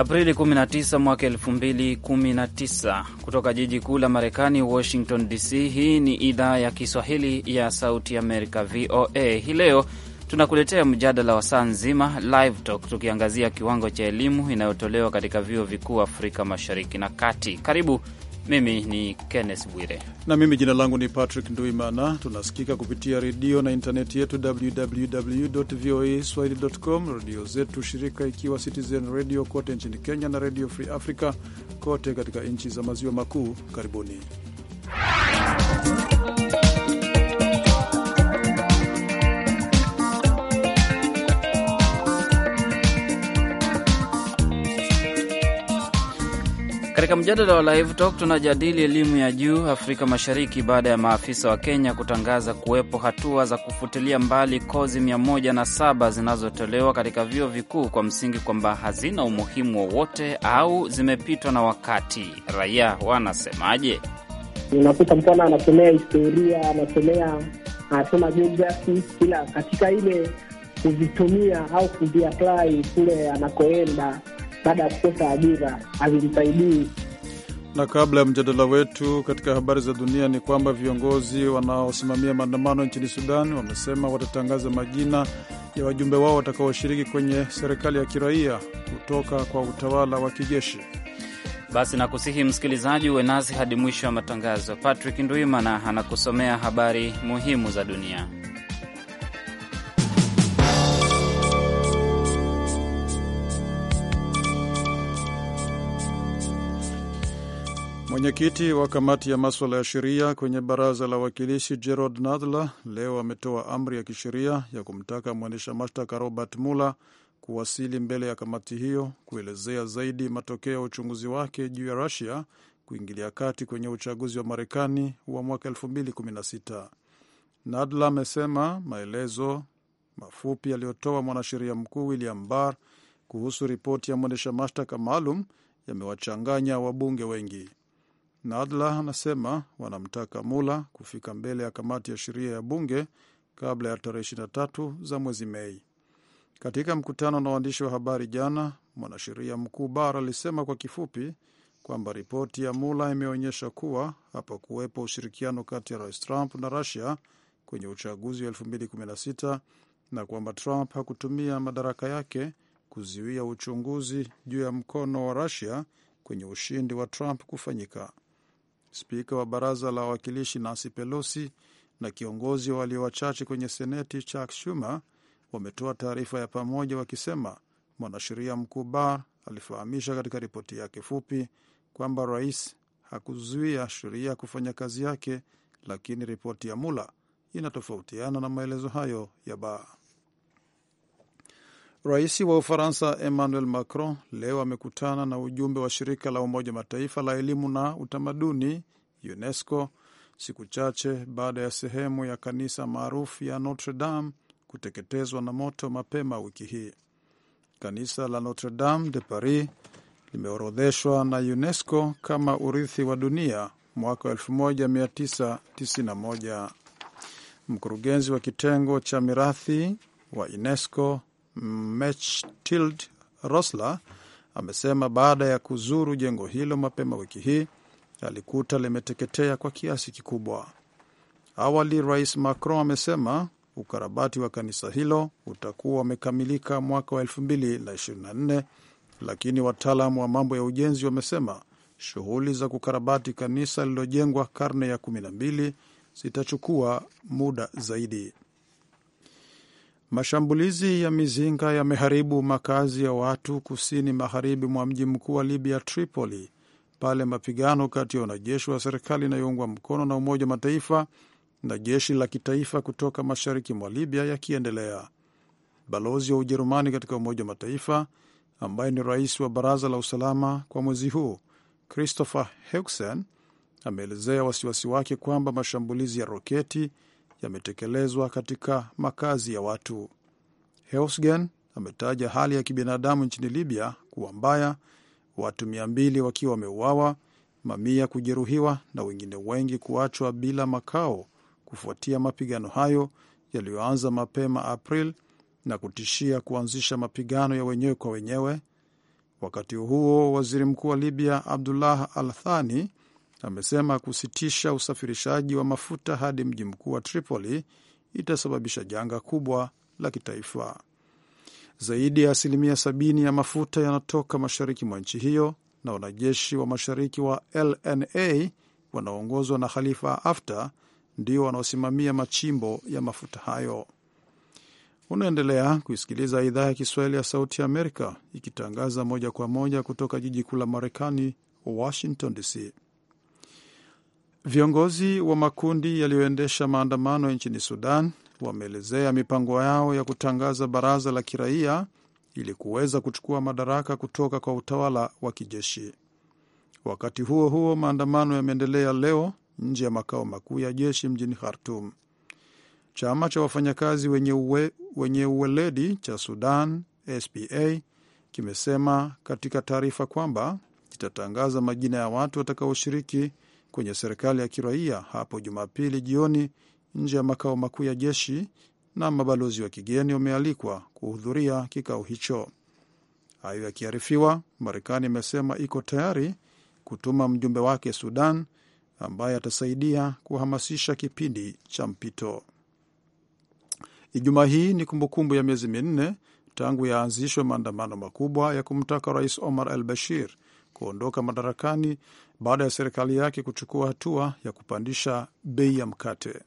Aprili 19 mwaka 2019, kutoka jiji kuu la Marekani, Washington DC. Hii ni idhaa ya Kiswahili ya Sauti Amerika, VOA. Hii leo tunakuletea mjadala wa saa nzima, Live Talk, tukiangazia kiwango cha elimu inayotolewa katika vyuo vikuu Afrika Mashariki na Kati. Karibu mimi ni Kenneth Bwire na mimi jina langu ni Patrick Nduimana. Tunasikika kupitia redio na intaneti yetu www voa swahili com, redio zetu shirika ikiwa Citizen Radio kote nchini Kenya na Redio Free Africa kote katika nchi za maziwa makuu. Karibuni Katika mjadala wa Live Talk tunajadili elimu ya juu Afrika Mashariki baada ya maafisa wa Kenya kutangaza kuwepo hatua za kufutilia mbali kozi 107 zinazotolewa katika vyuo vikuu kwa msingi kwamba hazina umuhimu wowote au zimepitwa na wakati. Raia wanasemaje? Unakuta mpona anasomea historia, anasomea anasoma jiografia, ila katika ile kuvitumia au kuviapply kule anakoenda baada ya kukosa ajira havimsaidii. Na kabla ya mjadala wetu katika habari za dunia, ni kwamba viongozi wanaosimamia maandamano nchini Sudan wamesema watatangaza majina ya wajumbe wao watakaoshiriki kwenye serikali ya kiraia kutoka kwa utawala wa kijeshi. Basi nakusihi msikilizaji, uwe nasi hadi mwisho wa matangazo. Patrick Ndwimana anakusomea habari muhimu za dunia. Mwenyekiti wa kamati ya maswala ya sheria kwenye baraza la wakilishi Gerald Nadler leo ametoa amri ya kisheria ya kumtaka mwendesha mashtaka Robert Mueller kuwasili mbele ya kamati hiyo kuelezea zaidi matokeo ya uchunguzi wake juu ya Russia kuingilia kati kwenye uchaguzi wa Marekani wa mwaka 2016. Nadler amesema maelezo mafupi aliyotoa mwanasheria mkuu William Barr kuhusu ripoti ya mwendesha mashtaka maalum yamewachanganya wabunge wengi. Nadla anasema wanamtaka Mula kufika mbele ya kamati ya sheria ya bunge kabla ya tarehe 23 za mwezi Mei. Katika mkutano na waandishi wa habari jana, mwanasheria mkuu Bar alisema kwa kifupi kwamba ripoti ya Mula imeonyesha kuwa hapakuwepo ushirikiano kati ya rais Trump na Rusia kwenye uchaguzi wa 2016 na kwamba Trump hakutumia madaraka yake kuzuia uchunguzi juu ya mkono wa Rusia kwenye ushindi wa Trump kufanyika. Spika wa baraza la wawakilishi Nancy Pelosi na kiongozi wa walio wachache kwenye seneti Chuck Schumer wametoa taarifa ya pamoja wakisema mwanasheria mkuu Barr alifahamisha katika ripoti yake fupi kwamba rais hakuzuia sheria kufanya kazi yake, lakini ripoti ya Mula inatofautiana na maelezo hayo ya Barr. Rais wa Ufaransa Emmanuel Macron leo amekutana na ujumbe wa shirika la Umoja Mataifa la elimu na utamaduni UNESCO siku chache baada ya sehemu ya kanisa maarufu ya Notre Dame kuteketezwa na moto mapema wiki hii. Kanisa la Notre Dame de Paris limeorodheshwa na UNESCO kama urithi wa dunia mwaka 1991. Mkurugenzi wa kitengo cha mirathi wa UNESCO mechtild Rosler amesema baada ya kuzuru jengo hilo mapema wiki hii alikuta limeteketea kwa kiasi kikubwa. Awali Rais Macron amesema ukarabati wa kanisa hilo utakuwa umekamilika mwaka wa 2024 lakini wataalamu wa mambo ya ujenzi wamesema shughuli za kukarabati kanisa lililojengwa karne ya 12 zitachukua muda zaidi. Mashambulizi ya mizinga yameharibu makazi ya watu kusini magharibi mwa mji mkuu wa Libya, Tripoli, pale mapigano kati ya wanajeshi wa serikali inayoungwa mkono na Umoja wa Mataifa na jeshi la kitaifa kutoka mashariki mwa Libya yakiendelea. Balozi wa Ujerumani katika Umoja wa Mataifa ambaye ni rais wa Baraza la Usalama kwa mwezi huu Christopher Heusen ameelezea wasiwasi wake kwamba mashambulizi ya roketi yametekelezwa katika makazi ya watu. Heusgen ametaja hali ya kibinadamu nchini Libya kuwa mbaya, watu mia mbili wakiwa wameuawa, mamia kujeruhiwa na wengine wengi kuachwa bila makao kufuatia mapigano hayo yaliyoanza mapema April na kutishia kuanzisha mapigano ya wenyewe kwa wenyewe. Wakati huo waziri mkuu wa Libya Abdullah Al Thani amesema kusitisha usafirishaji wa mafuta hadi mji mkuu wa Tripoli itasababisha janga kubwa la kitaifa. Zaidi ya asilimia sabini ya mafuta yanatoka mashariki mwa nchi hiyo, na wanajeshi wa mashariki wa LNA wanaoongozwa na Khalifa Haftar ndio wanaosimamia machimbo ya mafuta hayo. Unaendelea kuisikiliza idhaa ya Kiswahili ya Sauti ya Amerika ikitangaza moja kwa moja kutoka jiji kuu la Marekani, Washington DC. Viongozi wa makundi yaliyoendesha maandamano nchini Sudan wameelezea mipango yao ya kutangaza baraza la kiraia ili kuweza kuchukua madaraka kutoka kwa utawala wa kijeshi. Wakati huo huo, maandamano yameendelea leo nje ya makao makuu ya jeshi mjini Khartum. Chama cha wafanyakazi wenye, uwe, wenye uweledi cha Sudan SPA kimesema katika taarifa kwamba kitatangaza majina ya watu watakaoshiriki kwenye serikali ya kiraia hapo Jumapili jioni nje ya makao makuu ya jeshi na mabalozi wa kigeni wamealikwa kuhudhuria kikao hicho. Hayo yakiarifiwa, Marekani imesema iko tayari kutuma mjumbe wake Sudan ambaye atasaidia kuhamasisha kipindi cha mpito. Ijumaa hii ni kumbukumbu ya miezi minne tangu yaanzishwe maandamano makubwa ya kumtaka rais Omar al Bashir kuondoka madarakani baada ya serikali yake kuchukua hatua ya kupandisha bei ya mkate.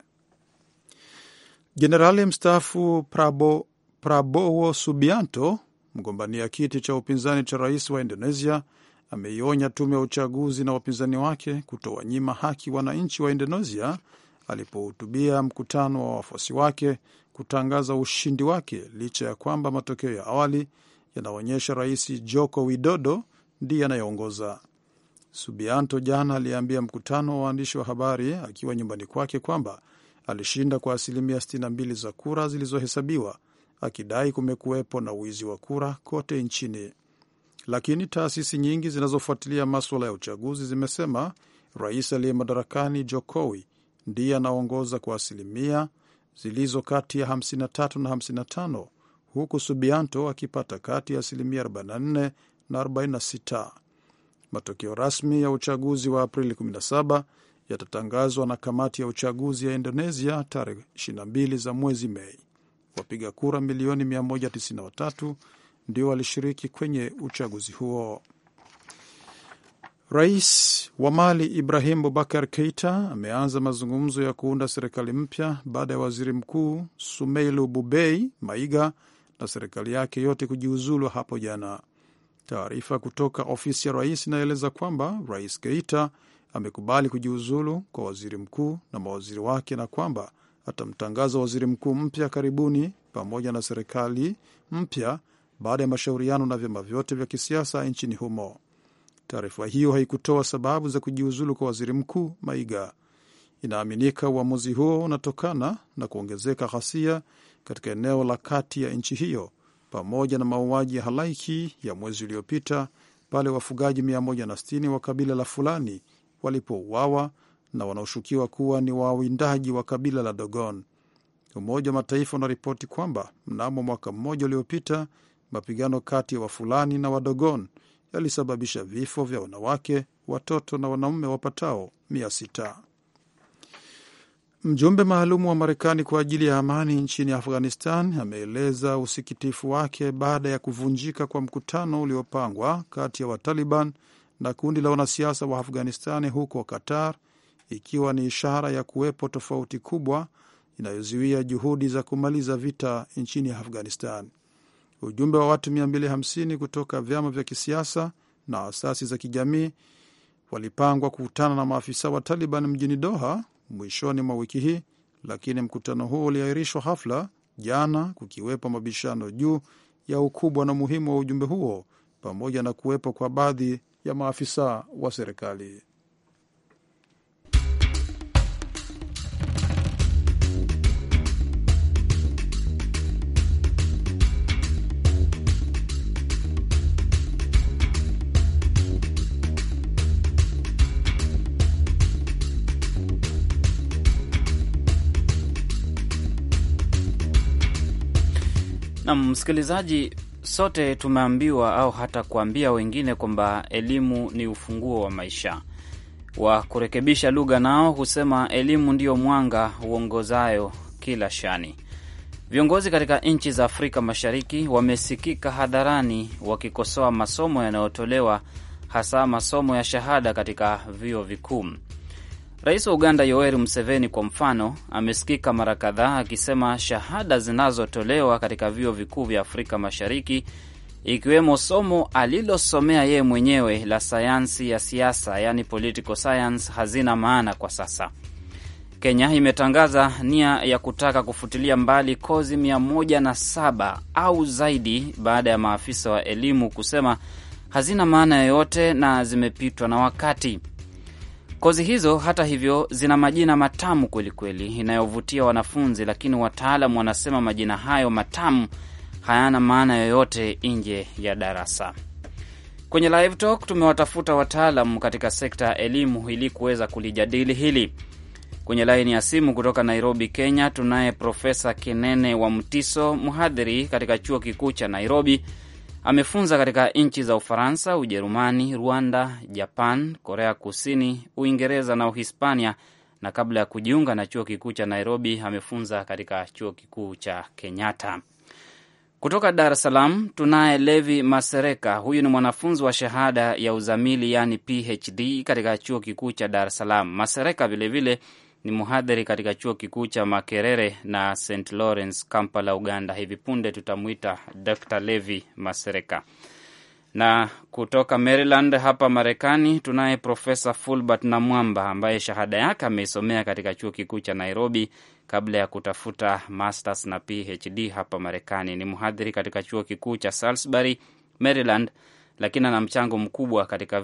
Jenerali mstaafu Prabo, Prabowo Subianto, mgombania kiti cha upinzani cha rais wa Indonesia, ameionya tume ya uchaguzi na wapinzani wake kutowanyima haki wananchi wa Indonesia alipohutubia mkutano wa wafuasi wake kutangaza ushindi wake licha ya kwamba matokeo ya awali yanaonyesha Rais Joko Widodo ndiye anayeongoza. Subianto jana aliambia mkutano wa waandishi wa habari akiwa nyumbani kwake kwamba alishinda kwa asilimia 62 za kura zilizohesabiwa, akidai kumekuwepo na wizi wa kura kote nchini. Lakini taasisi nyingi zinazofuatilia maswala ya uchaguzi zimesema rais aliye madarakani Jokowi ndiye anaongoza kwa asilimia zilizo kati ya 53 na 55, huku Subianto akipata kati ya asilimia 44 na 46. Matokeo rasmi ya uchaguzi wa Aprili 17 yatatangazwa na kamati ya uchaguzi ya Indonesia tarehe 22 za mwezi Mei. Wapiga kura milioni 193 ndio walishiriki kwenye uchaguzi huo. Rais wa Mali Ibrahim Bubakar Keita ameanza mazungumzo ya kuunda serikali mpya baada ya waziri mkuu Sumeilu Bubei Maiga na serikali yake yote kujiuzulu hapo jana. Taarifa kutoka ofisi ya rais inaeleza kwamba Rais Keita amekubali kujiuzulu kwa waziri mkuu na mawaziri wake na kwamba atamtangaza waziri mkuu mpya karibuni pamoja na serikali mpya baada ya mashauriano na vyama vyote vya kisiasa nchini humo. Taarifa hiyo haikutoa sababu za kujiuzulu kwa waziri mkuu Maiga. Inaaminika uamuzi huo unatokana na kuongezeka ghasia katika eneo la kati ya nchi hiyo pamoja na mauaji ya halaiki ya mwezi uliopita pale wafugaji 160 wa kabila la Fulani walipouawa na wanaoshukiwa kuwa ni wawindaji wa kabila la Dogon. Umoja wa Mataifa unaripoti kwamba mnamo mwaka mmoja uliopita mapigano kati ya wa Wafulani na Wadogon yalisababisha vifo vya wanawake, watoto na wanaume wapatao mia sita. Mjumbe maalumu wa Marekani kwa ajili ya amani nchini Afghanistan ameeleza usikitifu wake baada ya kuvunjika kwa mkutano uliopangwa kati ya Wataliban na kundi la wanasiasa wa Afghanistani huko Qatar, ikiwa ni ishara ya kuwepo tofauti kubwa inayozuia juhudi za kumaliza vita nchini Afghanistan. Ujumbe wa watu 250 kutoka vyama vya kisiasa na asasi za kijamii walipangwa kukutana na maafisa wa Taliban mjini Doha mwishoni mwa wiki hii, lakini mkutano huo uliahirishwa hafla jana, kukiwepo mabishano juu ya ukubwa na umuhimu wa ujumbe huo pamoja na kuwepo kwa baadhi ya maafisa wa serikali. Nam msikilizaji, sote tumeambiwa au hata kuambia wengine kwamba elimu ni ufunguo wa maisha. Wa kurekebisha lugha nao husema elimu ndiyo mwanga uongozayo kila shani. Viongozi katika nchi za Afrika Mashariki wamesikika hadharani wakikosoa masomo yanayotolewa hasa masomo ya shahada katika vyuo vikuu. Rais wa Uganda Yoweri Museveni kwa mfano, amesikika mara kadhaa akisema shahada zinazotolewa katika vyuo vikuu vya Afrika Mashariki, ikiwemo somo alilosomea yeye mwenyewe la sayansi ya siasa, yaani political science, hazina maana kwa sasa. Kenya imetangaza nia ya kutaka kufutilia mbali kozi 107 au zaidi baada ya maafisa wa elimu kusema hazina maana yoyote na zimepitwa na wakati. Kozi hizo hata hivyo zina majina matamu kwelikweli inayovutia wanafunzi, lakini wataalam wanasema majina hayo matamu hayana maana yoyote nje ya darasa. Kwenye Live Talk tumewatafuta wataalam katika sekta ya elimu ili kuweza kulijadili hili. Kwenye laini ya simu kutoka Nairobi, Kenya, tunaye Profesa Kenene wa Mtiso, mhadhiri katika chuo kikuu cha Nairobi Amefunza katika nchi za Ufaransa, Ujerumani, Rwanda, Japan, Korea Kusini, Uingereza na Uhispania, na kabla ya kujiunga na chuo kikuu cha Nairobi amefunza katika chuo kikuu cha Kenyatta. Kutoka Dar es Salaam tunaye Levi Masereka. Huyu ni mwanafunzi wa shahada ya uzamili yaani PhD katika chuo kikuu cha Dar es Salaam. Masereka vilevile vile, ni mhadhiri katika chuo kikuu cha Makerere na St Lawrence, Kampala, Uganda. Hivi punde tutamwita Dr Levi Masereka. Na kutoka Maryland hapa Marekani tunaye Profesa Fulbert Namwamba ambaye shahada yake ameisomea katika chuo kikuu cha Nairobi kabla ya kutafuta masters na PhD hapa Marekani. Ni mhadhiri katika chuo kikuu cha Salisbury, Maryland, lakini ana mchango mkubwa katika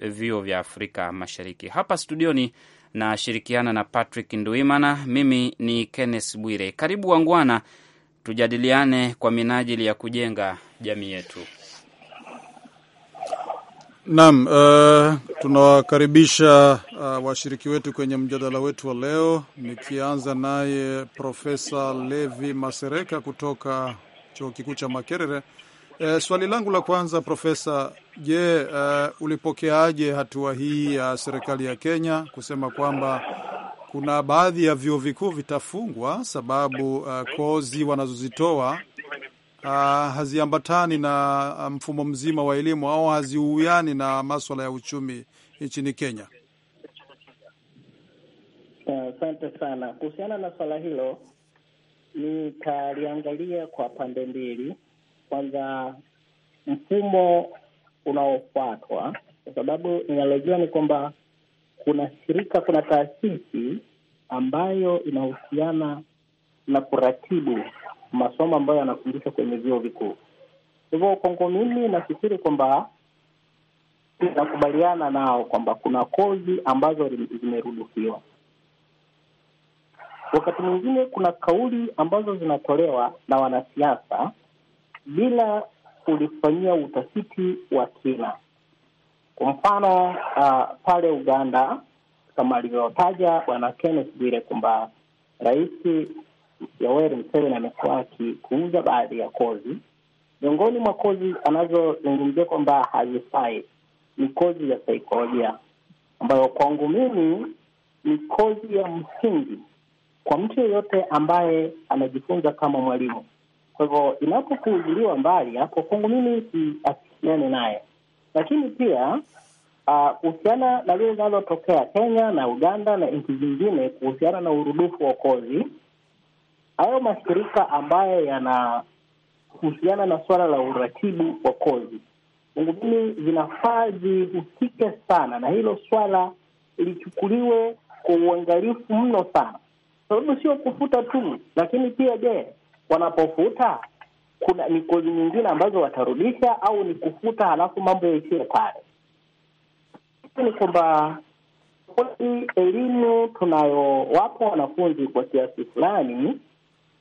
vyuo vya Afrika Mashariki. Hapa studioni nashirikiana na Patrick Nduimana. Mimi ni Kenneth Bwire. Karibu wangwana, tujadiliane kwa minajili ya kujenga jamii yetu. Naam, uh, tunawakaribisha uh, washiriki wetu kwenye mjadala wetu wa leo, nikianza naye Profesa Levi Masereka kutoka Chuo Kikuu cha Makerere E, swali langu la kwanza Profesa, je, uh, ulipokeaje hatua hii ya serikali ya Kenya kusema kwamba kuna baadhi ya vyuo vikuu vitafungwa sababu uh, kozi wanazozitoa uh, haziambatani na mfumo mzima wa elimu au haziuiani na maswala ya uchumi nchini Kenya? Asante uh, sana. Kuhusiana na swala hilo, nitaliangalia kwa pande mbili kwanza mfumo unaofuatwa, kwa sababu ninalojua ni kwamba kuna shirika, kuna taasisi ambayo inahusiana na kuratibu masomo ambayo yanafundishwa kwenye vyuo vikuu. Hivyo kwangu mimi nafikiri kwamba inakubaliana nao kwamba kuna kozi ambazo zimerudukiwa. Wakati mwingine kuna kauli ambazo zinatolewa na wanasiasa bila kulifanyia utafiti wa kina. Kwa mfano uh, pale Uganda kama alivyotaja Bwana Kenneth Bwire kwamba Rais Yoweri Museveni amekuwa akikuuza baadhi ya kozi. Miongoni mwa kozi anazozungumzia kwamba hazifai ni kozi ya saikolojia, ambayo kwangu mimi ni kozi ya msingi kwa mtu yeyote ambaye anajifunza kama mwalimu. Kwa hivyo inapopuuziliwa mbali, hapo kwangu mimi siasikiane naye. Lakini pia ah, kuhusiana uh, na lile linalotokea Kenya na Uganda na nchi zingine kuhusiana na urudufu wa kozi hayo mashirika ambayo yanahusiana na suala la uratibu wa kozi, kwangu mimi zinafaa zihusike sana na hilo swala, lichukuliwe kwa uangalifu mno sana, sababu sio kufuta tu, lakini pia je wanapofuta kuna ni kozi nyingine ambazo watarudisha au ni kufuta halafu mambo yaishie pale. Ni kwamba kweli elimu tunayowapa wanafunzi kwa kiasi fulani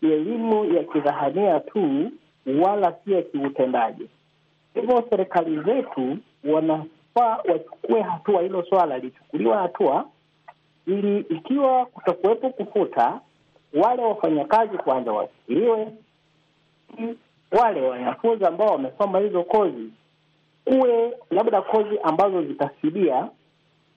ni elimu ya kidhahania tu, wala si ya kiutendaji. Hivyo serikali zetu wanafaa wachukue hatua, hilo swala lichukuliwa hatua, ili ikiwa kutakuwepo kufuta wale wafanyakazi kwanza wasikiliwe, wale wanafunzi ambao wamesoma hizo kozi, kuwe labda kozi ambazo zitasidia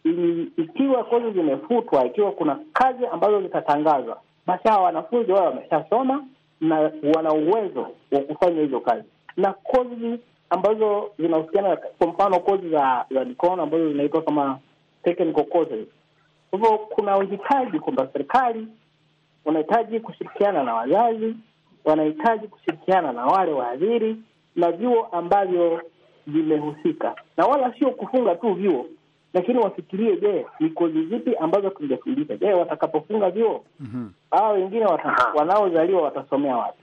ili, ikiwa kozi zimefutwa, ikiwa kuna kazi ambazo zitatangazwa, basi hawa wanafunzi wao wameshasoma na wana uwezo wa kufanya hizo kazi, na kozi ambazo zinahusiana, kwa mfano kozi za za mikono ambazo zinaitwa kama technical courses. Kwa hivyo kuna uhitaji kwamba serikali unahitaji kushirikiana na wazazi, wanahitaji kushirikiana na wale waadhiri na vyuo ambavyo vimehusika, na wala sio kufunga tu vyuo, lakini wafikirie, je, ni kozi zipi ambazo tungefundisha? Je, watakapofunga vyuo mm -hmm. wengine wanaozaliwa watasomea wapi?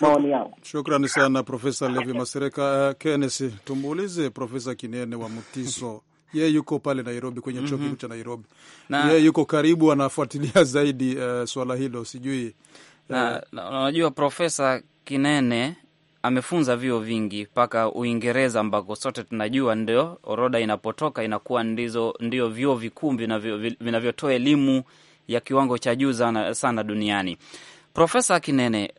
Maoni Shukrani sana Profesa Levi Masereka. Uh, eh, Kenesi, tumuulize Profesa Kinene wa Mtiso ye yuko pale Nairobi kwenye chuo mhm. kikuu cha Nairobi na, ye yuko karibu, anafuatilia zaidi uh, swala hilo sijui eh. unajua uh, Profesa Kinene amefunza vyuo vingi mpaka Uingereza ambako sote tunajua ndio orodha inapotoka inakuwa ndizo ndio vyuo vikuu vinavyotoa elimu ya kiwango cha juu sana duniani. Profesa Kinene,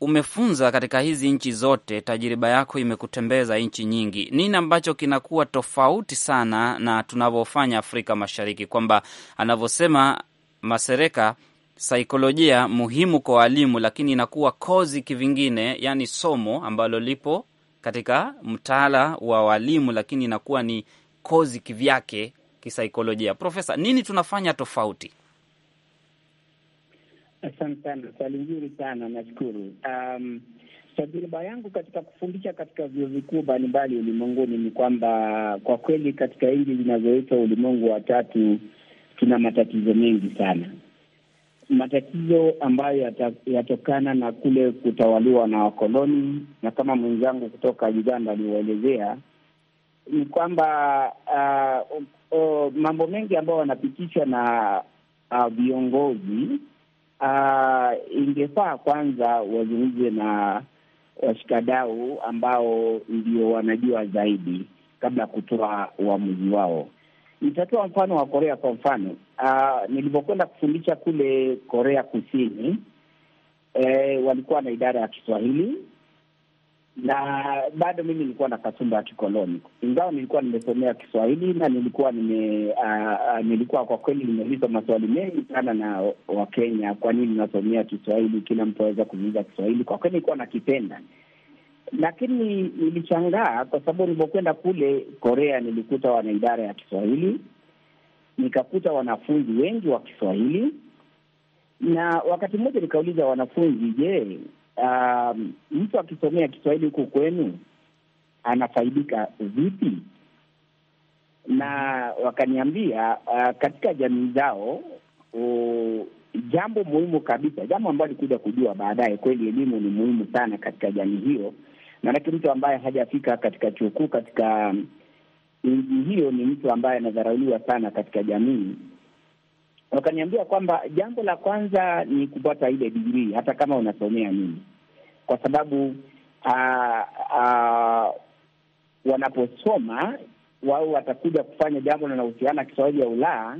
umefunza katika hizi nchi zote, tajiriba yako imekutembeza nchi nyingi. Nini ambacho kinakuwa tofauti sana na tunavyofanya Afrika Mashariki, kwamba anavyosema Masereka, saikolojia muhimu kwa walimu, lakini inakuwa kozi kivingine, yani somo ambalo lipo katika mtaala wa walimu, lakini inakuwa ni kozi kivyake kisaikolojia. Profesa, nini tunafanya tofauti? Asante sana, swali nzuri sana nashukuru. Um, tajriba yangu katika kufundisha katika vyuo vikuu mbalimbali ulimwenguni ni kwamba kwa kweli katika nchi zinazoitwa ulimwengu wa tatu tuna matatizo mengi sana, matatizo ambayo yatokana na kule kutawaliwa na wakoloni, na kama mwenzangu kutoka Uganda aliwaelezea ni kwamba uh, uh, mambo mengi ambayo wanapitishwa na uh, viongozi uh, uh, ingefaa kwanza wazungumze na washikadau ambao ndio wanajua zaidi kabla ya kutoa uamuzi wao. Nitatoa mfano wa Korea kwa mfano. Uh, ah, nilivyokwenda kufundisha kule Korea Kusini, eh, walikuwa na idara ya Kiswahili na bado mimi nilikuwa na kasumba ya kikoloni, ingawa nilikuwa nimesomea Kiswahili na nilikuwa nime uh, nilikuwa kwa kweli nimeuliza maswali mengi sana na Wakenya, kwa nini nasomea Kiswahili? Kila mtu aweza kuuliza Kiswahili. Kwa kweli nilikuwa nakipenda, lakini nilishangaa kwa sababu nilipokwenda kule Korea nilikuta wana idara ya Kiswahili, nikakuta wanafunzi wengi wa Kiswahili na wakati mmoja nikauliza wanafunzi, je, um, mtu akisomea Kiswahili huku kwenu anafaidika vipi? Na wakaniambia uh, katika jamii zao uh, jambo muhimu kabisa, jambo ambayo alikuja kujua baadaye, kweli elimu ni muhimu sana katika jamii hiyo. Maanake mtu ambaye hajafika katika chuo kikuu katika nchi hiyo ni mtu ambaye anadharauliwa sana katika jamii, wakaniambia kwamba jambo la kwanza ni kupata ile digrii, hata kama unasomea nini, kwa sababu uh, uh, wanaposoma wao watakuja kufanya jambo linalohusiana Kiswahili ya Ulaya,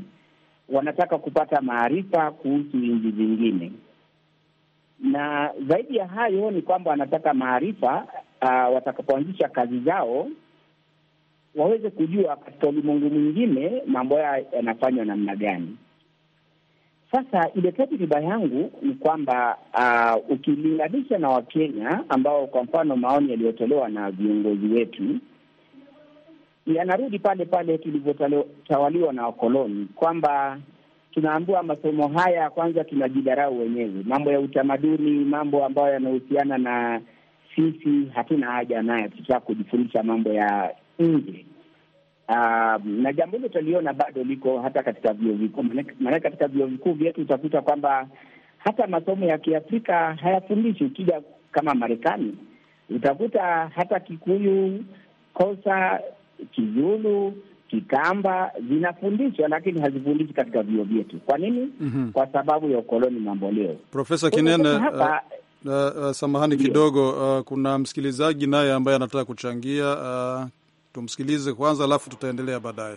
wanataka kupata maarifa kuhusu nchi zingine, na zaidi ya hayo ni kwamba wanataka maarifa uh, watakapoanzisha kazi zao waweze kujua katika ulimwengu mwingine mambo haya yanafanywa namna gani. Sasa ile tajriba yangu ni kwamba uh, ukilinganisha na Wakenya ambao kwa mfano maoni yaliyotolewa na viongozi wetu yanarudi pale pale tulivyotawaliwa na wakoloni, kwamba tunaambiwa masomo haya, kwanza tunajidharau wenyewe. Mambo ya utamaduni, mambo ambayo yanahusiana na sisi, hatuna haja nayo, tutaka kujifundisha mambo ya nje. Uh, na jambo hilo utaliona bado liko hata katika vyuo vikuu, maanake katika vyuo vikuu vyetu utakuta kwamba hata masomo ya Kiafrika hayafundishi. Ukija kama Marekani utakuta hata Kikuyu, Kosa, Kizulu, Kikamba zinafundishwa lakini hazifundishi katika vyuo vyetu. Kwa nini? mm -hmm. Kwa sababu ya ukoloni mambo leo. Profesa Kinene, hapa uh, uh, samahani kidogo uh, kuna msikilizaji naye ambaye anataka kuchangia uh, Tumsikilize kwanza, alafu tutaendelea baadaye.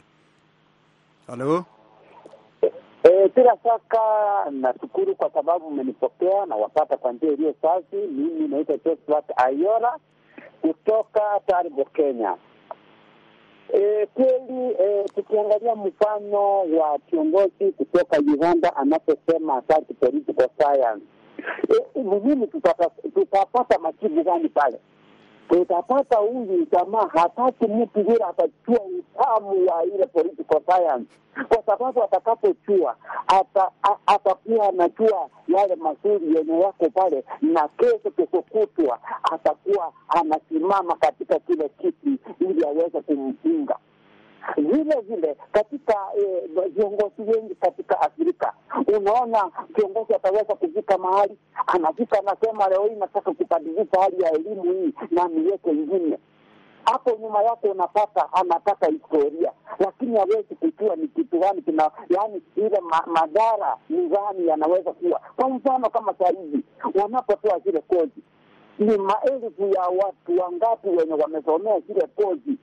Halo. E, bila shaka nashukuru kwa sababu umenipokea na wapata kwa njia iliyo safi. Mimi naitwa Josephat Ayora kutoka Taribo, Kenya. E, kweli e, tukiangalia mfano wa kiongozi kutoka Uganda anaposema asante political science, e, ni tutapata majibu gani pale? tutapata huyu jamaa hataki mtu vile atachua utamu wa ile political science, kwa sababu atakapochua atakuwa anachua yale mazuri yenye yako pale, na kesho kesokutwa atakuwa anasimama katika kile kiti ili aweze kumpinga. Vile vile katika eh, viongozi eh, wengi katika Afrika unaona kiongozi ataweza kuvika mahali anavika anasema leo hii nataka kubadilisha hali ya elimu hii na miweke ingine hapo nyuma yake unapata anapata historia, lakini hawezi kujua ni kitu gani kina, yaani ile ma, madhara ni gani yanaweza kuwa. Kwa mfano kama saa hizi wanapotoa zile kozi, ni maelfu ya watu wangapi wenye wamesomea zile kozi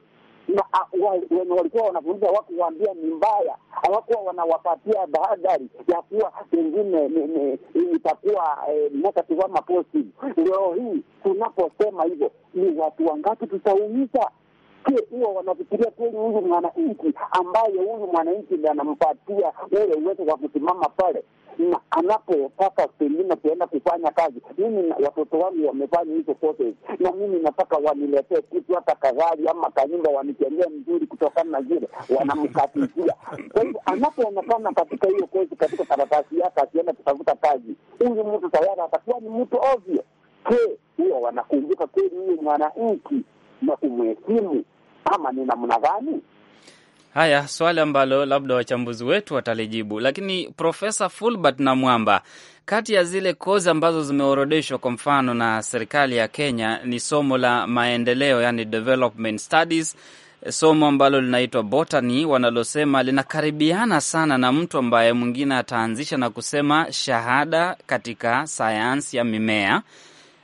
Ah, wenye walikuwa wanavunja hawakuwaambia ni mbaya, hawakuwa wanawapatia tahadhari ya kuwa pengine itakuwa eh, negative ama positive. Leo hii tunaposema hivyo, ni watu wangapi tutaumiza? sio huwa wanafikiria kweli, huyu mwananchi ambaye huyu mwananchi ndiye anampatia ule uwezo wa kusimama pale na anapotaka pengine kuenda kufanya kazi. Mimi watoto wangu wamefanya hizo kote, na mimi nataka waniletee kitu, hata kagari ama kanyumba wanitengee mzuri, kutokana na zile wanamkatizia. Kwa hivyo anapoonekana katika hiyo kozi, katika karatasi yake, akienda kutafuta kazi, huyu mtu tayari atakuwa ni mtu ovyo. Ke huwa wanakumbuka kweli huyu mwananchi na kumheshimu ama ni namna gani? Haya, swali ambalo labda wachambuzi wetu watalijibu, lakini Profesa Fulbert na Mwamba, kati ya zile kozi ambazo zimeorodeshwa kwa mfano na serikali ya Kenya ni somo la maendeleo, yani development studies, somo ambalo linaitwa botany, wanalosema linakaribiana sana na mtu ambaye mwingine ataanzisha na kusema shahada katika sayansi ya mimea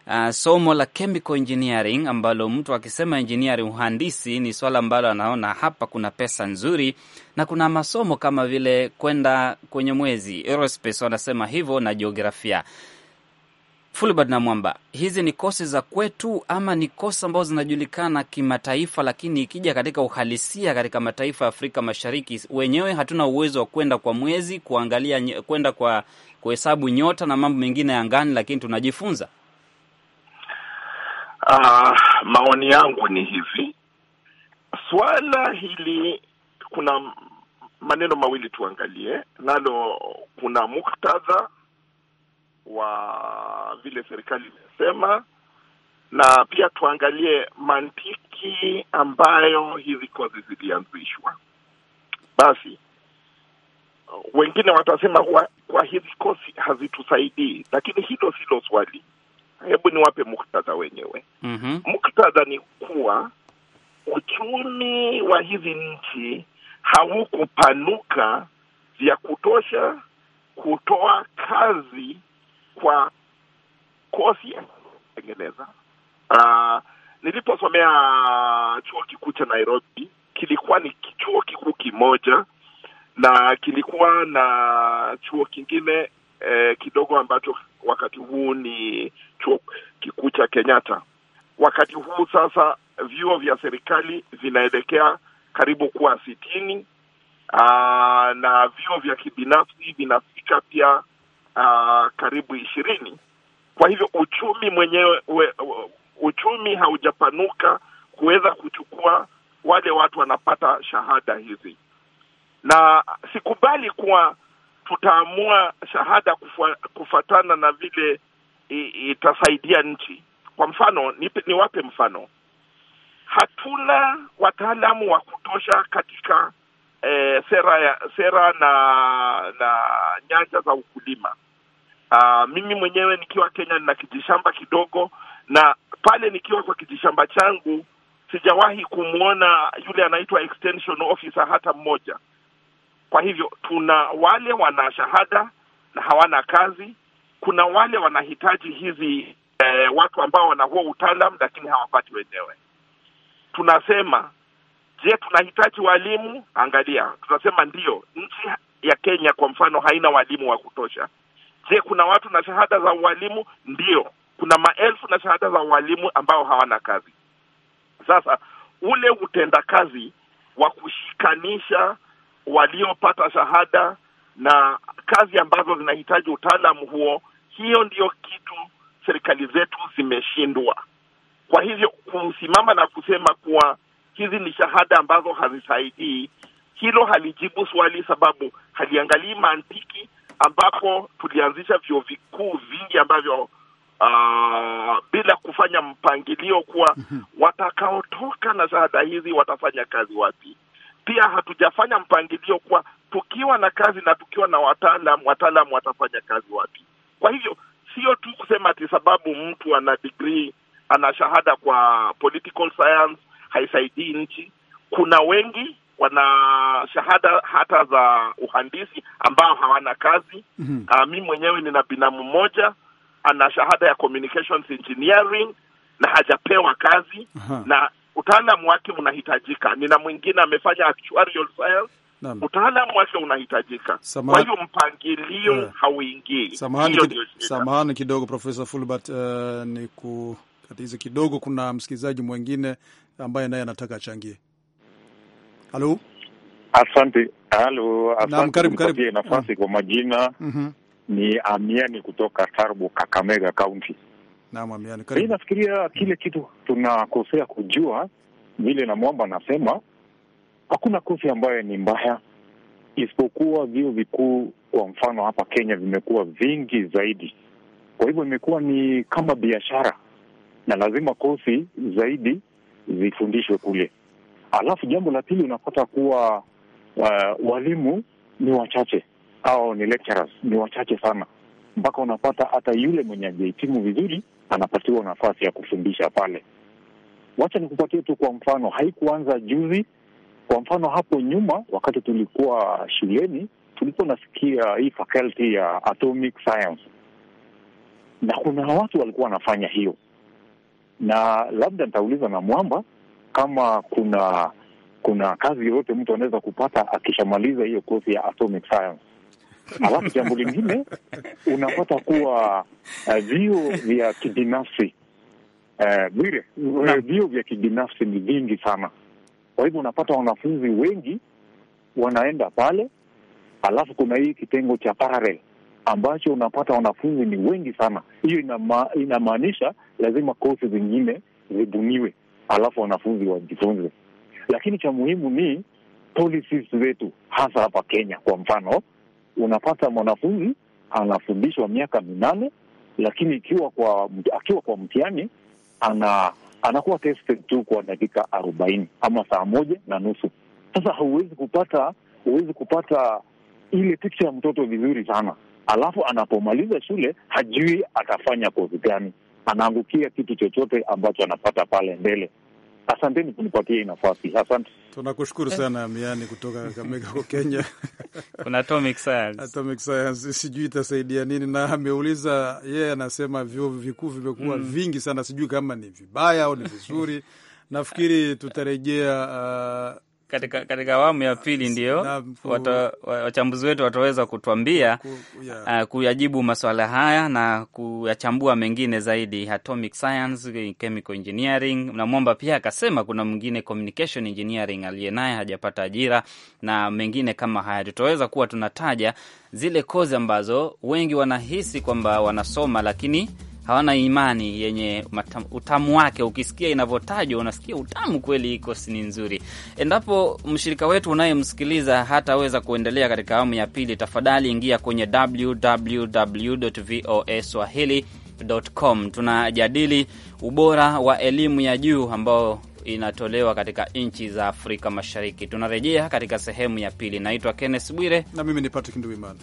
uh, somo la chemical engineering ambalo mtu akisema engineering, uhandisi, ni swala ambalo anaona hapa kuna pesa nzuri na kuna masomo kama vile kwenda kwenye mwezi, aerospace wanasema hivyo, na jiografia. Fulbert na Mwamba, hizi ni kosi za kwetu ama ni kosi ambazo zinajulikana kimataifa, lakini ikija katika uhalisia katika mataifa ya Afrika Mashariki wenyewe hatuna uwezo wa kwenda kwa mwezi, kuangalia, kwenda kwa kuhesabu nyota na mambo mengine ya angani, lakini tunajifunza Uh, maoni yangu ni hivi, swala hili kuna maneno mawili tuangalie nalo. Kuna muktadha wa vile serikali imesema, na pia tuangalie mantiki ambayo hizi kozi zilianzishwa. Basi wengine watasema kwa, kwa hizi kozi hazitusaidii, lakini hilo silo swali hebu niwape muktadha wenyewe. mm -hmm. Muktadha ni kuwa uchumi wa hizi nchi haukupanuka vya kutosha kutoa kazi kwa kosi ya kutengeneza. Uh, niliposomea chuo kikuu cha Nairobi kilikuwa ni chuo kikuu kimoja na kilikuwa na chuo kingine eh, kidogo ambacho wakati huu ni chuo kikuu cha Kenyatta. Wakati huu sasa vyuo vya serikali vinaelekea karibu kuwa sitini aa, ah, na vyuo vya kibinafsi vinafika pia aa, ah, karibu ishirini. Kwa hivyo uchumi mwenyewe we, uchumi haujapanuka kuweza kuchukua wale watu wanapata shahada hizi, na sikubali kuwa tutaamua shahada kufa, kufatana na vile itasaidia nchi. Kwa mfano nipe, niwape mfano, hatuna wataalamu wa kutosha katika eh, sera ya, sera na na nyanja za ukulima. Aa, ah, mimi mwenyewe nikiwa Kenya nina kijishamba kidogo, na pale nikiwa kwa kijishamba changu sijawahi kumwona yule anaitwa extension officer hata mmoja kwa hivyo tuna wale wana shahada na hawana kazi, kuna wale wanahitaji hizi eh, watu ambao wana huo utaalam lakini hawapati wenyewe. Tunasema je, tunahitaji walimu? Angalia, tunasema ndio, nchi ya Kenya kwa mfano haina walimu wa kutosha. Je, kuna watu na shahada za uwalimu Ndio, kuna maelfu na shahada za walimu ambao hawana kazi. Sasa ule utendakazi wa kushikanisha waliopata shahada na kazi ambazo zinahitaji utaalamu huo. Hiyo ndiyo kitu serikali zetu zimeshindwa. Kwa hivyo kusimama na kusema kuwa hizi ni shahada ambazo hazisaidii, hilo halijibu swali, sababu haliangalii mantiki ambapo tulianzisha vyuo vikuu vingi ambavyo uh, bila kufanya mpangilio kuwa mhm. watakaotoka na shahada hizi watafanya kazi wapi pia hatujafanya mpangilio kuwa tukiwa na kazi na tukiwa na wataalam, wataalam watafanya kazi wapi? Kwa hivyo sio tu kusema ti sababu mtu ana degree ana shahada kwa political science haisaidii nchi. Kuna wengi wana shahada hata za uhandisi ambao hawana kazi. mm -hmm. Uh, mi mwenyewe nina binamu mmoja ana shahada ya communications engineering na hajapewa kazi. uh -huh. na utaalamu wake unahitajika. Nina mwingine amefanya actuarial science utaalamu wake unahitajika. Kwa hiyo mpangilio yeah, hauingii. Samahani kidogo, Profesa Fulbert, uh, ni kukatiza kidogo, kuna msikilizaji mwingine ambaye naye anataka achangie. Halo, asante. Halo, asante nafasi. Mm. Kwa majina mm -hmm. ni Amiani kutoka Tarbo, Kakamega Kaunti. Mi nafikiria kile kitu tunakosea kujua, vile na mwamba anasema hakuna kosi ambayo ni mbaya, isipokuwa vyuo vikuu kwa mfano hapa Kenya vimekuwa vingi zaidi, kwa hivyo imekuwa ni kama biashara, na lazima kosi zaidi zifundishwe kule. Alafu jambo la pili unapata kuwa uh, walimu ni wachache au ni lecturers ni wachache sana, mpaka unapata hata yule mwenye ajahitimu vizuri anapatiwa nafasi ya kufundisha pale. Wacha nikupatie tu kwa mfano, haikuanza juzi. Kwa mfano, hapo nyuma wakati tulikuwa shuleni tulikuwa nasikia hii faculty ya atomic science, na kuna watu walikuwa wanafanya hiyo, na labda nitauliza na Mwamba kama kuna kuna kazi yoyote mtu anaweza kupata akishamaliza hiyo kosi ya atomic science. Alafu jambo lingine unapata kuwa uh, eh, vio vya kibinafsi uh, Bwire, eh, vio vya kibinafsi ni vingi sana. Kwa hivyo unapata wanafunzi wengi wanaenda pale, alafu kuna hii kitengo cha parallel ambacho unapata wanafunzi ni wengi sana. Hiyo inama, inamaanisha lazima kosi zingine zibuniwe, alafu wanafunzi wajifunze. Lakini cha muhimu ni policies zetu, hasa hapa Kenya kwa mfano unapata mwanafunzi anafundishwa miaka minane, lakini ikiwa kwa akiwa kwa mtihani ana anakuwa tested tu kwa dakika arobaini ama saa moja na nusu. Sasa huwezi kupata huwezi kupata ile picha ya mtoto vizuri sana, alafu anapomaliza shule hajui atafanya kozi gani, anaangukia kitu chochote ambacho anapata pale mbele. Asanteni kunipatia hii nafasi, asante. Tunakushukuru eh. sana Miani kutoka Kakamega ko Kenya. Kuna Atomic Science. Atomic Science sijui itasaidia nini, na ameuliza yeye, yeah, anasema vyuo vikuu vimekuwa mm, vingi sana, sijui kama ni vibaya au ni vizuri. Nafikiri tutarejea uh, katika, katika awamu ya pili ndiyo wachambuzi wetu wataweza kutwambia yeah, uh, kuyajibu maswala haya na kuyachambua mengine zaidi, atomic science, chemical engineering. Namwomba pia akasema kuna mwingine communication engineering aliye naye hajapata ajira na mengine kama haya. Tutaweza kuwa tunataja zile kozi ambazo wengi wanahisi kwamba wanasoma lakini hawana imani yenye utamu wake. Ukisikia inavyotajwa unasikia utamu kweli, iko ni nzuri. Endapo mshirika wetu unayemsikiliza hataweza kuendelea katika awamu ya pili, tafadhali ingia kwenye swahili.com. Tunajadili ubora wa elimu ya juu ambayo inatolewa katika nchi za Afrika Mashariki. Tunarejea katika sehemu ya pili. Naitwa Kenneth Bwire na mimi ni Patrick Nduimana.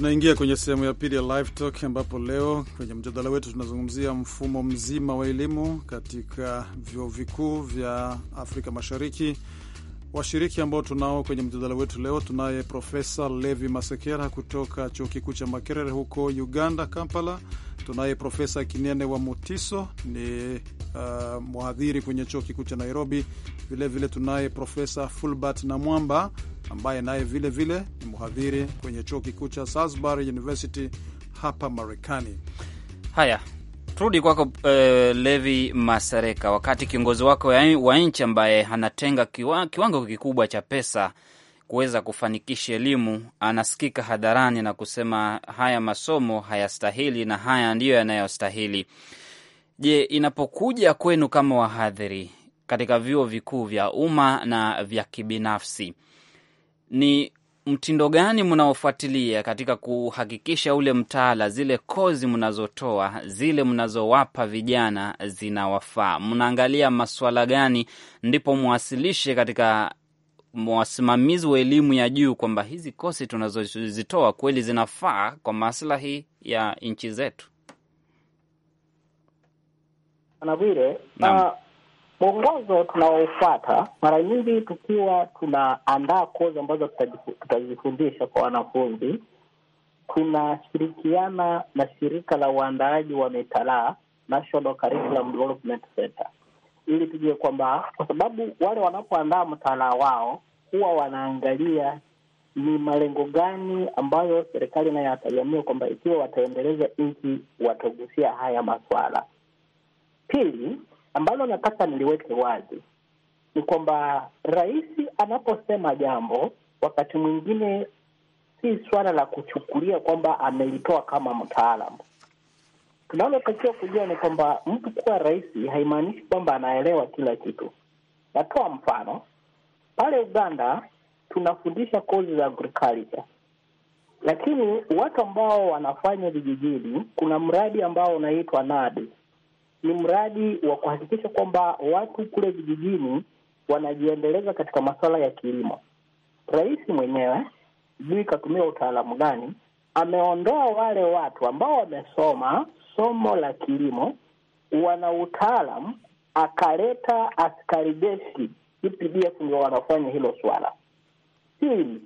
Tunaingia kwenye sehemu ya pili ya Live Talk ambapo leo kwenye mjadala wetu tunazungumzia mfumo mzima wa elimu katika vyuo vikuu vya Afrika Mashariki. Washiriki ambao tunao kwenye mjadala wetu leo, tunaye Profesa Levi Masekera kutoka chuo kikuu cha Makerere huko Uganda, Kampala. Tunaye Profesa Kinene wa Mutiso, ni uh, mhadhiri kwenye chuo kikuu cha Nairobi. Vilevile tunaye Profesa Fulbert Namwamba ambaye naye vilevile ni mhadhiri kwenye chuo kikuu cha Salisbury University hapa Marekani. Haya, turudi kwako uh, Levi Masareka. Wakati kiongozi wako wa nchi ambaye anatenga kiwa, kiwango kikubwa cha pesa kuweza kufanikisha elimu anasikika hadharani na kusema haya masomo hayastahili na haya ndiyo yanayostahili. Je, inapokuja kwenu kama wahadhiri katika vyuo vikuu vya umma na vya kibinafsi, ni mtindo gani mnaofuatilia katika kuhakikisha ule mtaala, zile kozi mnazotoa, zile mnazowapa vijana zinawafaa? Mnaangalia maswala gani ndipo mwasilishe katika wasimamizi wa elimu ya juu kwamba hizi kozi tunazozitoa kweli zinafaa kwa maslahi ya nchi zetu? Bwana Bwire, na mwongozo tunaofuata mara nyingi tukiwa tunaandaa kozi ambazo tutazifundisha kwa wanafunzi, tunashirikiana na shirika la uandaaji wa mitalaa National Curriculum Development Center ili tujue kwamba, kwa sababu wale wanapoandaa mtalaa wao huwa wanaangalia ni malengo gani ambayo serikali nayo kwamba ikiwa wataendeleza nchi watagusia haya maswala. Pili ambalo nataka niliweke wazi ni kwamba rais anaposema jambo, wakati mwingine si swala la kuchukulia kwamba amelitoa kama mtaalamu. Tunalotakiwa kujua ni kwamba mtu kuwa rais haimaanishi kwamba anaelewa kila kitu. Natoa mfano pale Uganda tunafundisha kozi za agriculture, lakini watu ambao wanafanya vijijini, kuna mradi ambao unaitwa NADI ni mradi wa kuhakikisha kwamba watu kule vijijini wanajiendeleza katika masuala ya kilimo. Rais mwenyewe sijui ikatumia utaalamu gani, ameondoa wale watu ambao wamesoma somo la kilimo, wana utaalam akaleta askari jeshi UPDF ndio wanafanya hilo swala. Pili,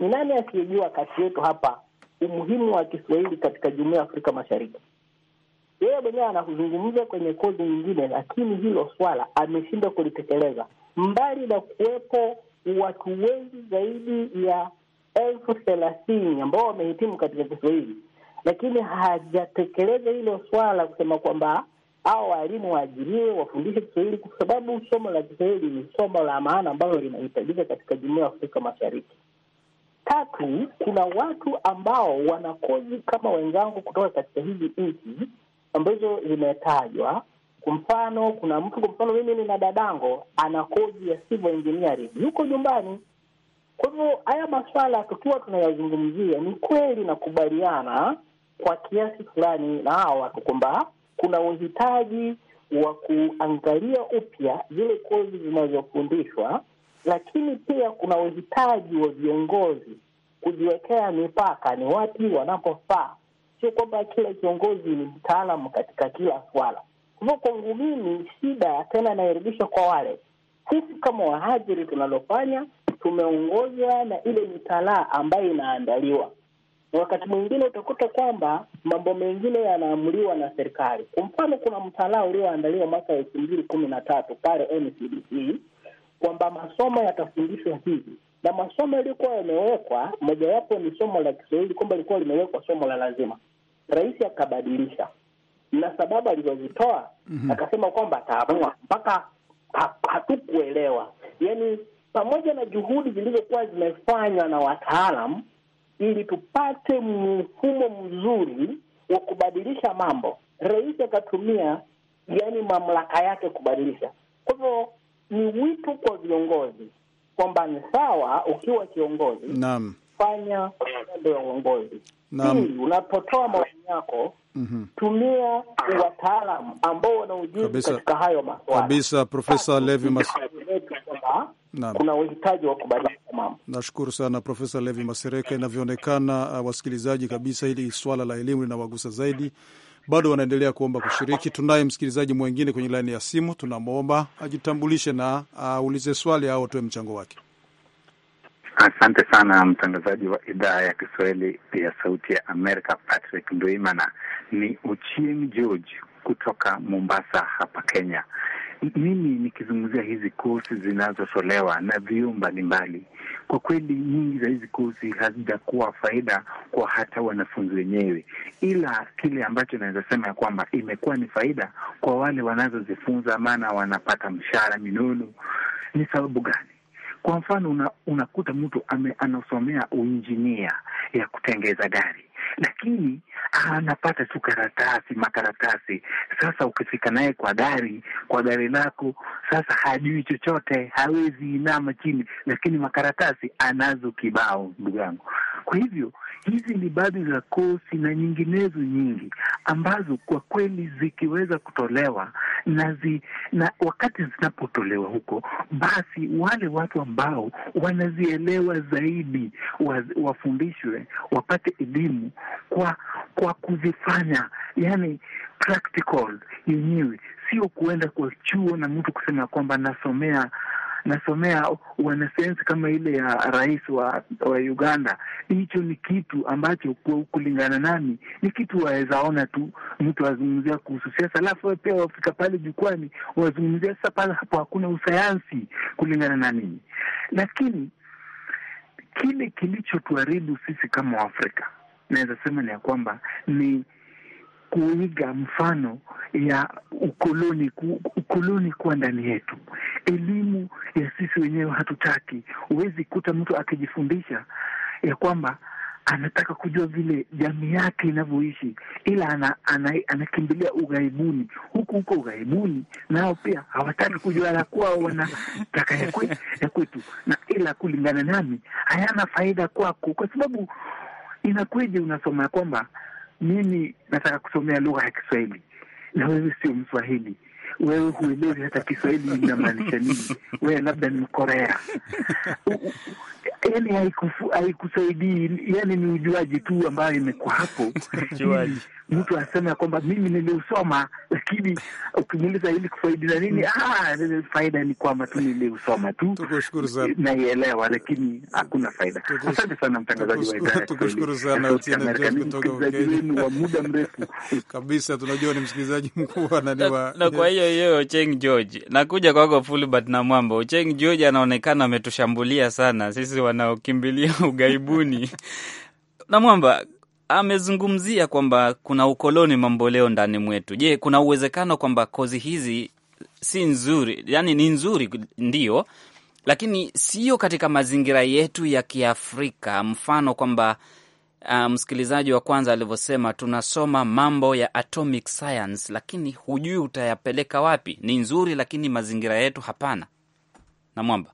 ni nani asiyejua kati yetu hapa umuhimu wa Kiswahili katika jumuiya ya Afrika Mashariki? yeye mwenyewe anazungumza kwenye kozi nyingine, lakini hilo swala ameshindwa kulitekeleza, mbali na kuwepo watu wengi zaidi ya elfu thelathini ambao wamehitimu katika kiswahili lakini hajatekeleza hilo swala la kusema kwamba awa waalimu waajiriwe wafundishe Kiswahili kwa sababu somo la Kiswahili ni somo la maana ambalo linahitajika katika jumuiya ya Afrika Mashariki. Tatu, kuna watu ambao wana kozi kama wenzangu kutoka katika hizi nchi ambazo zimetajwa. Kwa mfano, kuna mtu kwa mfano, mimi nina dadango ana kozi ya civil engineering, yuko nyumbani. Kwa hivyo haya maswala tukiwa tunayazungumzia, ni kweli nakubaliana kwa kiasi fulani na hawa watu kwamba kuna uhitaji wa kuangalia upya zile kozi zinazofundishwa, lakini pia kuna uhitaji wa viongozi kujiwekea mipaka, ni wapi wanapofaa sio kwamba kila kiongozi ni mtaalamu katika kila swala. Kwa hivyo kwangu mimi, shida tena inairudisha kwa wale sisi kama wahadhiri, tunalofanya tumeongozwa na ile mitalaa ambayo inaandaliwa. Wakati mwingine utakuta kwamba mambo mengine yanaamuliwa na serikali. Kwa mfano, kuna mtalaa ulioandaliwa mwaka elfu mbili kumi na tatu pale NCDC kwamba masomo yatafundishwa hivi na masomo yaliyokuwa yamewekwa, mojawapo ni somo la Kiswahili, kwamba likuwa limewekwa somo la lazima. Rais akabadilisha na sababu alizozitoa mm -hmm. Akasema kwamba ataamua mpaka ha hatukuelewa, yani pamoja na juhudi zilizokuwa zimefanywa na wataalam ili tupate mfumo mzuri wa kubadilisha mambo, rais akatumia yani mamlaka yake kubadilisha. Kwa hivyo ni wito kwa viongozi kwamba ni sawa ukiwa kiongozi, naam, fanya mambo ya uongozi. naam. unapotoa maoni yako Mm -hmm. Tumia wataalamu ambao wana ujuzi katika hayo maswala. Kabisa, Profesa Levi Masereke. Kuna uhitaji wa kubadilisha mambo. Nashukuru sana Profesa Levi masereka Inavyoonekana, uh, wasikilizaji, kabisa hili swala la elimu linawagusa zaidi bado wanaendelea kuomba kushiriki. Tunaye msikilizaji mwengine kwenye laini ya simu, tunamwomba ajitambulishe na aulize uh, swali au atoe mchango wake. Asante sana mtangazaji wa idhaa ya Kiswahili ya Sauti ya Amerika, Patrick Nduimana. Ni Ochieng George kutoka Mombasa hapa Kenya mimi nikizungumzia hizi kosi zinazotolewa na vyuo mbalimbali, kwa kweli nyingi za hizi kosi hazijakuwa faida kwa hata wanafunzi wenyewe, ila kile ambacho naweza sema ya kwamba imekuwa ni faida kwa wale wanazozifunza, maana wanapata mshahara minono. Ni sababu gani? Kwa mfano una, unakuta mtu anasomea uinjinia ya kutengeza gari lakini anapata ah, tu karatasi makaratasi. Sasa ukifika naye kwa gari kwa gari lako, sasa hajui chochote, hawezi inama chini, lakini makaratasi anazo kibao, ndugu yangu. Kwa hivyo Hizi ni baadhi za kosi na nyinginezo nyingi ambazo kwa kweli zikiweza kutolewa na, zi, na wakati zinapotolewa huko, basi wale watu ambao wanazielewa zaidi wafundishwe, wapate elimu kwa kwa kuzifanya, yani practical yenyewe, sio kuenda kwa chuo na mtu kusema kwamba nasomea nasomea wanasayansi kama ile ya rais wa, wa Uganda. Hicho ni kitu ambacho kulingana nami ni kitu wawezaona tu mtu azungumzia kuhusu siasa, alafu pia wafika pale jukwani wazungumzia sasa. Pale hapo hakuna usayansi kulingana na nini lakini kile kilichotuharibu sisi kama Waafrika naweza sema ni ya kwamba ni kuiga mfano ya ukoloni ukoloni kuwa ndani yetu. Elimu ya sisi wenyewe hatutaki. Huwezi kuta mtu akijifundisha ya kwamba anataka kujua vile jamii yake inavyoishi, ila ana, ana, anakimbilia ughaibuni. Huku huko ughaibuni nao pia hawataki kujua la kuwa wanataka ya kwetu, ya kwetu, na ila kulingana nami hayana faida kwako, kwa sababu inakweje? Unasoma ya kwamba mimi nataka kusomea lugha ya Kiswahili na wewe sio Mswahili, wewe huelewi hata Kiswahili inamaanisha nini, wewe labda ni Mkorea. Yani haikusaidii, yani ni ujuaji tu ambayo imekuwa hapo mtu aseme ya kwamba mimi niliusoma, lakini ukimuuliza ili kufaidi na mm. ah, nini, faida ni kwamba tu niliusoma tu, tukushukuru sana, naielewa, lakini hakuna faida. Asante sana mtangazaji wa idara, tukushukuru sana wenu wa muda mrefu kabisa, tunajua ni msikilizaji mkuu ananiwa. Na kwa hiyo hiyo, Ocheng George, nakuja kwako Fulbert na Mwamba. Ocheng George anaonekana ametushambulia sana sisi wanaokimbilia ugaibuni na Mwamba amezungumzia kwamba kuna ukoloni mamboleo ndani mwetu. Je, kuna uwezekano kwamba kozi hizi si nzuri? Yani ni nzuri ndio lakini sio katika mazingira yetu ya Kiafrika. Mfano kwamba uh, msikilizaji wa kwanza alivyosema, tunasoma mambo ya atomic science, lakini hujui utayapeleka wapi. Ni nzuri, lakini mazingira yetu hapana. Namwamba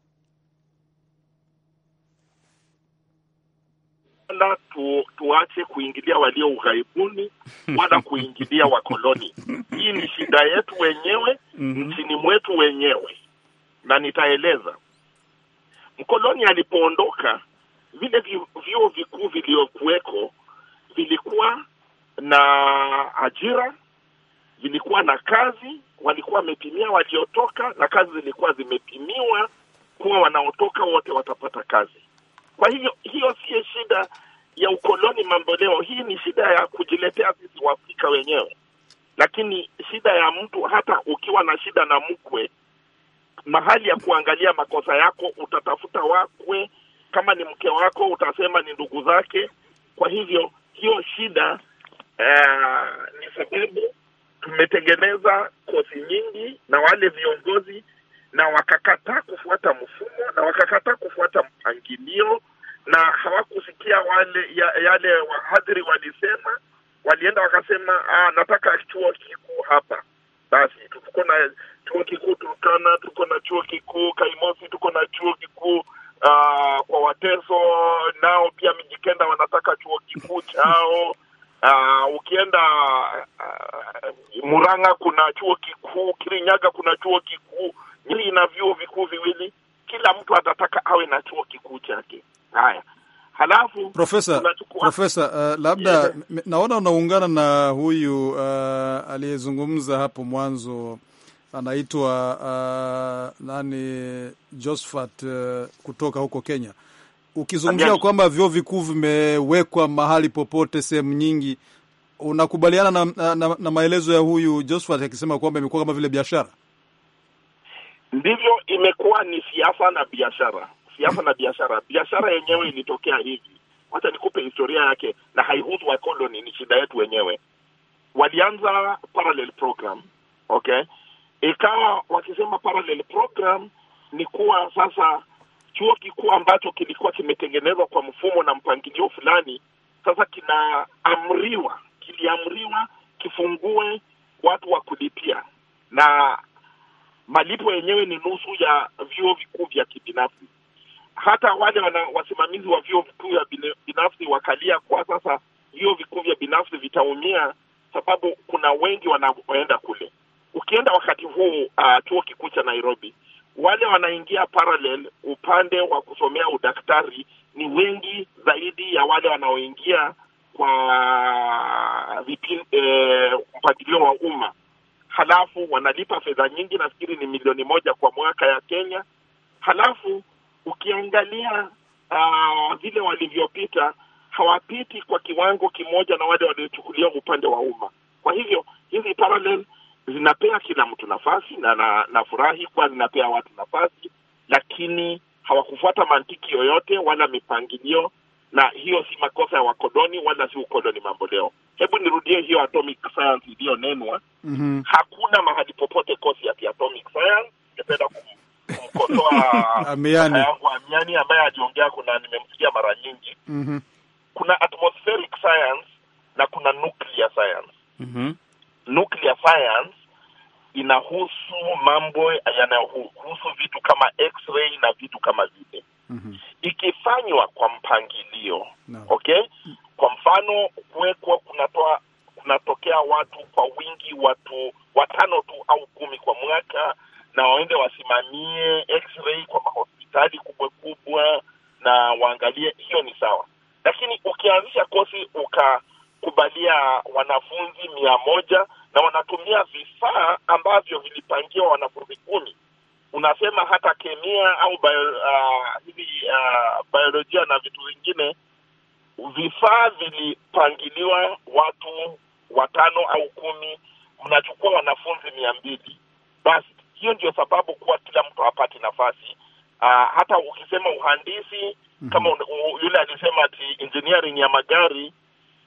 wala tu, tuache kuingilia walio ughaibuni wala kuingilia wakoloni. Hii ni shida yetu wenyewe mm -hmm. nchini mwetu wenyewe, na nitaeleza mkoloni alipoondoka, vile vyuo vikuu vilivyokuweko vilikuwa na ajira, vilikuwa na kazi, walikuwa wamepimia waliotoka, na kazi zilikuwa zimepimiwa kuwa wanaotoka wote watapata kazi. Kwa hiyo hiyo siyo shida ya ukoloni mamboleo. Hii ni shida ya kujiletea sisi Waafrika wenyewe, lakini shida ya mtu, hata ukiwa na shida na mkwe, mahali ya kuangalia makosa yako utatafuta wakwe, kama ni mke wako utasema ni ndugu zake. Kwa hivyo hiyo shida uh, ni sababu tumetengeneza kosi nyingi na wale viongozi na wakakataa kufuata mfumo na wakakataa kufuata mpangilio na hawakusikia wale ya, yale wahadhiri walisema, walienda wakasema, ah, nataka chuo kikuu hapa. Basi tuko na chuo kikuu Turkana, tuko na chuo kikuu Kaimosi, tuko na chuo kikuu uh, kwa Wateso nao pia Mijikenda wanataka chuo kikuu chao. Uh, ukienda uh, Murang'a kuna chuo kikuu, Kirinyaga kuna chuo kikuu, Nyeri na vyuo vikuu viwili. Kila mtu atataka awe na chuo kikuu chake. Haya, halafu profesa profesa, uh, labda yeah, naona unaungana na huyu uh, aliyezungumza hapo mwanzo anaitwa uh, nani Josphat uh, kutoka huko Kenya, ukizungumzia kwamba vyuo vikuu vimewekwa mahali popote, sehemu nyingi, unakubaliana na, na, na, na maelezo ya huyu Josphat akisema kwamba imekuwa kama vile biashara? Ndivyo, imekuwa ni siasa na biashara siasa na biashara. Biashara yenyewe ilitokea hivi, wacha nikupe historia yake, na haihusu wakoloni, ni shida yetu wenyewe. Walianza parallel program, okay, ikawa wakisema parallel program ni kuwa sasa chuo kikuu ambacho kilikuwa kimetengenezwa kwa mfumo na mpangilio fulani, sasa kinaamriwa, kiliamriwa kifungue watu wa kulipia, na malipo yenyewe ni nusu ya vyuo vikuu vya kibinafsi hata wale wana wasimamizi wa vyuo vikuu vya binafsi wakalia kwa sasa, vyuo vikuu vya binafsi vitaumia, sababu kuna wengi wanaoenda kule. Ukienda wakati huu uh, chuo kikuu cha Nairobi, wale wanaingia parallel upande wa kusomea udaktari ni wengi zaidi ya wale wanaoingia kwa eh, mpangilio wa umma, halafu wanalipa fedha nyingi, nafikiri ni milioni moja kwa mwaka ya Kenya, halafu ukiangalia uh, vile walivyopita hawapiti kwa kiwango kimoja na wale waliochukuliwa upande wa umma. Kwa hivyo hizi parallel zinapea kila mtu nafasi na, na kuwa zinapea watu nafasi, lakini hawakufuata mantiki yoyote wala mipangilio, na hiyo si makosa ya wakoloni wala si ukoloni mamboleo. Hebu nirudie hiyo atomic science iliyonenwa. mm -hmm. Hakuna mahali popote kosi ya atomic science. Ningependa kumkosoa Amiani yangu Amiani ambaye ajiongea, kuna nimemsikia mara nyingi mm -hmm. kuna atmospheric science na kuna nuclear science mm -hmm. Nuclear science inahusu mambo yanayohusu vitu kama x-ray na vitu kama vile mm -hmm. ikifanywa kwa mpangilio no. Okay, kwa mfano kuwekwa kunatoa kunatokea watu kwa wingi, watu watano tu au kumi kwa mwaka na waende wasimamie x-ray kwa mahospitali kubwa kubwa, na waangalie. Hiyo ni sawa, lakini ukianzisha kosi ukakubalia wanafunzi mia moja na wanatumia vifaa ambavyo vilipangiwa wanafunzi kumi, unasema hata kemia au bio, uh, hivi uh, biolojia na vitu vingine, vifaa vilipangiliwa watu watano au kumi, mnachukua wanafunzi mia mbili basi hiyo ndio sababu kuwa kila mtu hapati nafasi. Uh, hata ukisema uhandisi mm-hmm. kama yule alisema ati engineering ya magari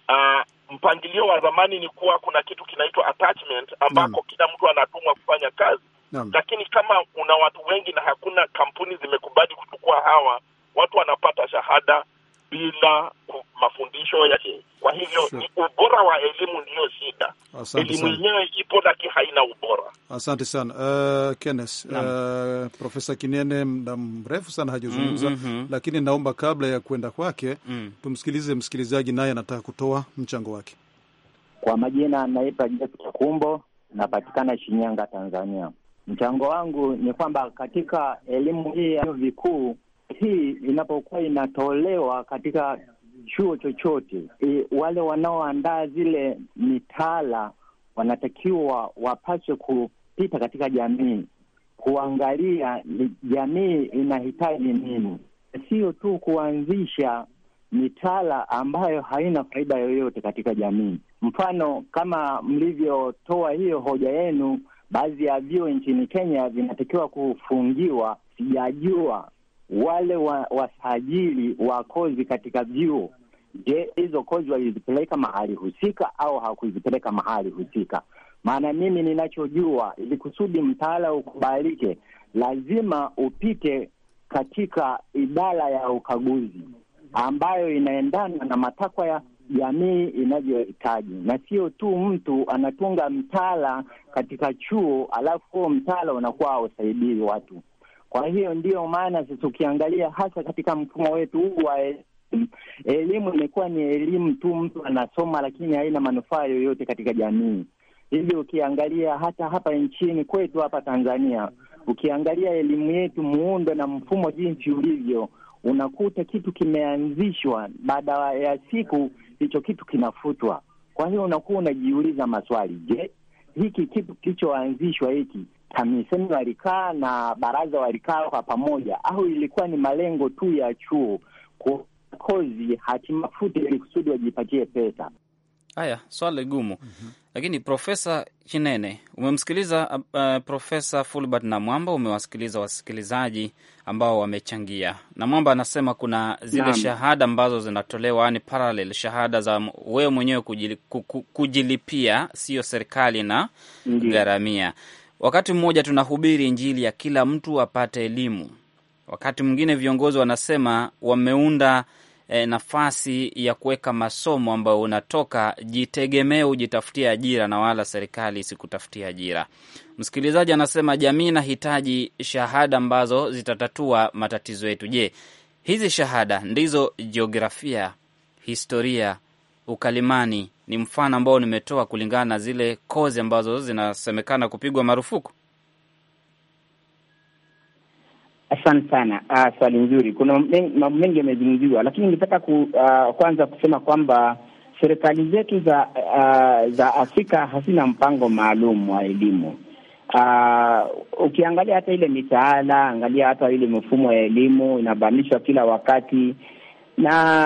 uh, mpangilio wa zamani ni kuwa kuna kitu kinaitwa attachment ambako mm. kila mtu anatumwa kufanya kazi mm. Lakini kama una watu wengi na hakuna kampuni zimekubali kuchukua hawa watu, wanapata shahada bila mafundisho yake. Kwa hivyo ni ubora wa elimu ndiyo shida. Elimu yenyewe ipo lakini haina ubora. Asante sana uh, Kenneth uh, Profesa Kinene muda mrefu sana hajazungumza mm -hmm. Lakini naomba kabla ya kwenda kwake mm, tumsikilize msikilizaji, naye anataka kutoa mchango wake. Kwa majina naitwa Jeki Kumbo, napatikana Shinyanga, Tanzania. Mchango wangu ni kwamba katika elimu hii ya vyuo vikuu hii inapokuwa inatolewa katika chuo chochote, e, wale wanaoandaa zile mitaala wanatakiwa wapaswe kupita katika jamii kuangalia jamii inahitaji nini, sio tu kuanzisha mitaala ambayo haina faida yoyote katika jamii. Mfano, kama mlivyotoa hiyo hoja yenu, baadhi ya vyuo nchini Kenya vinatakiwa kufungiwa. Sijajua wale wa, wasajili wa kozi katika vyuo, je, hizo kozi walizipeleka mahali husika au hawakuzipeleka mahali husika? Maana mimi ninachojua, ili kusudi mtaala ukubalike, lazima upite katika idara ya ukaguzi ambayo inaendana na matakwa ya jamii inavyohitaji, na sio tu mtu anatunga mtaala katika chuo alafu huo mtaala unakuwa hausaidii watu. Kwa hiyo ndiyo maana sasa ukiangalia hasa katika mfumo wetu huu wa elimu, imekuwa ni elimu tu, mtu anasoma, lakini haina manufaa yoyote katika jamii. Hivyo ukiangalia hata hapa nchini kwetu hapa Tanzania, ukiangalia elimu yetu, muundo na mfumo jinsi ulivyo, unakuta kitu kimeanzishwa, baada ya siku hicho kitu kinafutwa. Kwa hiyo unakuwa unajiuliza maswali, je, hiki kitu kilichoanzishwa hiki TAMISEMI walikaa na baraza walikaa kwa pamoja, au ilikuwa ni malengo tu ya chuo ku kozi hati ili kusudi wajipatie pesa? Haya, swali gumu mm -hmm. Lakini Profesa Chinene, umemsikiliza uh, uh Profesa Fulbert na Mwamba, umewasikiliza wasikilizaji ambao wamechangia, na Mwamba anasema kuna zile Naam. shahada ambazo zinatolewa ni parallel shahada za wewe mwenyewe kujilipia, siyo serikali na gharamia Wakati mmoja tunahubiri Injili ya kila mtu apate elimu, wakati mwingine viongozi wanasema wameunda e, nafasi ya kuweka masomo ambayo unatoka jitegemee, ujitafutie ajira na wala serikali sikutafutia ajira. Msikilizaji anasema jamii inahitaji shahada ambazo zitatatua matatizo yetu. Je, hizi shahada ndizo jiografia, historia ukalimani ni mfano ambao nimetoa kulingana na zile kozi ambazo zinasemekana kupigwa marufuku? Asante sana. Ah, swali nzuri. Kuna mambo mengi yamezungumziwa, lakini ningetaka ku, ah, kwanza kusema kwamba serikali zetu za ah, za Afrika hazina mpango maalum wa elimu. Ah, ukiangalia hata ile mitaala, angalia hata ile mifumo ya elimu inabadilishwa kila wakati na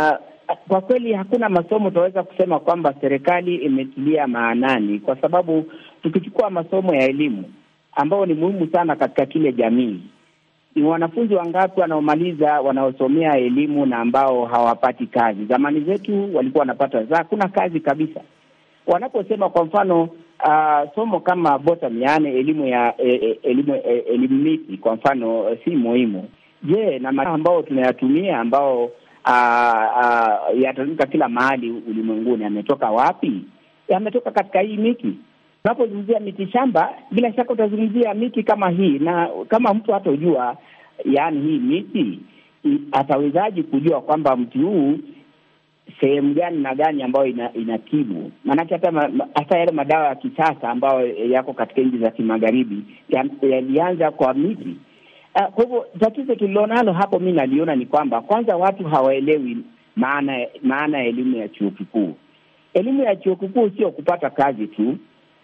kwa kweli hakuna masomo tunaweza kusema kwamba serikali imetilia maanani, kwa sababu tukichukua masomo ya elimu ambayo ni muhimu sana katika kile jamii, ni wanafunzi wangapi wanaomaliza wanaosomea elimu na ambao hawapati kazi? Zamani zetu walikuwa wanapata za kuna kazi kabisa, wanaposema kwa mfano uh, somo kama botany, yaani elimu ya eh, elimu eh, elimu miti kwa mfano si muhimu. Je, na ambao tunayatumia ambao Ah, ah, yatatumika kila mahali ulimwenguni. ametoka wapi? ametoka katika hii miti. Unapozungumzia miti shamba, bila shaka utazungumzia miti kama hii, na kama mtu hatojua yaani hii miti, atawezaji kujua kwamba mti huu sehemu gani na gani ambayo ina, inatibu. Maanake hata ma, hata yale madawa ya kisasa ambayo yako katika nchi za kimagharibi yalianza kwa miti. Ah, kwa hivyo tatizo tulilonalo hapo, mi naliona ni kwamba kwanza watu hawaelewi maana maana ya elimu ya chuo kikuu. Elimu ya chuo kikuu sio kupata kazi tu,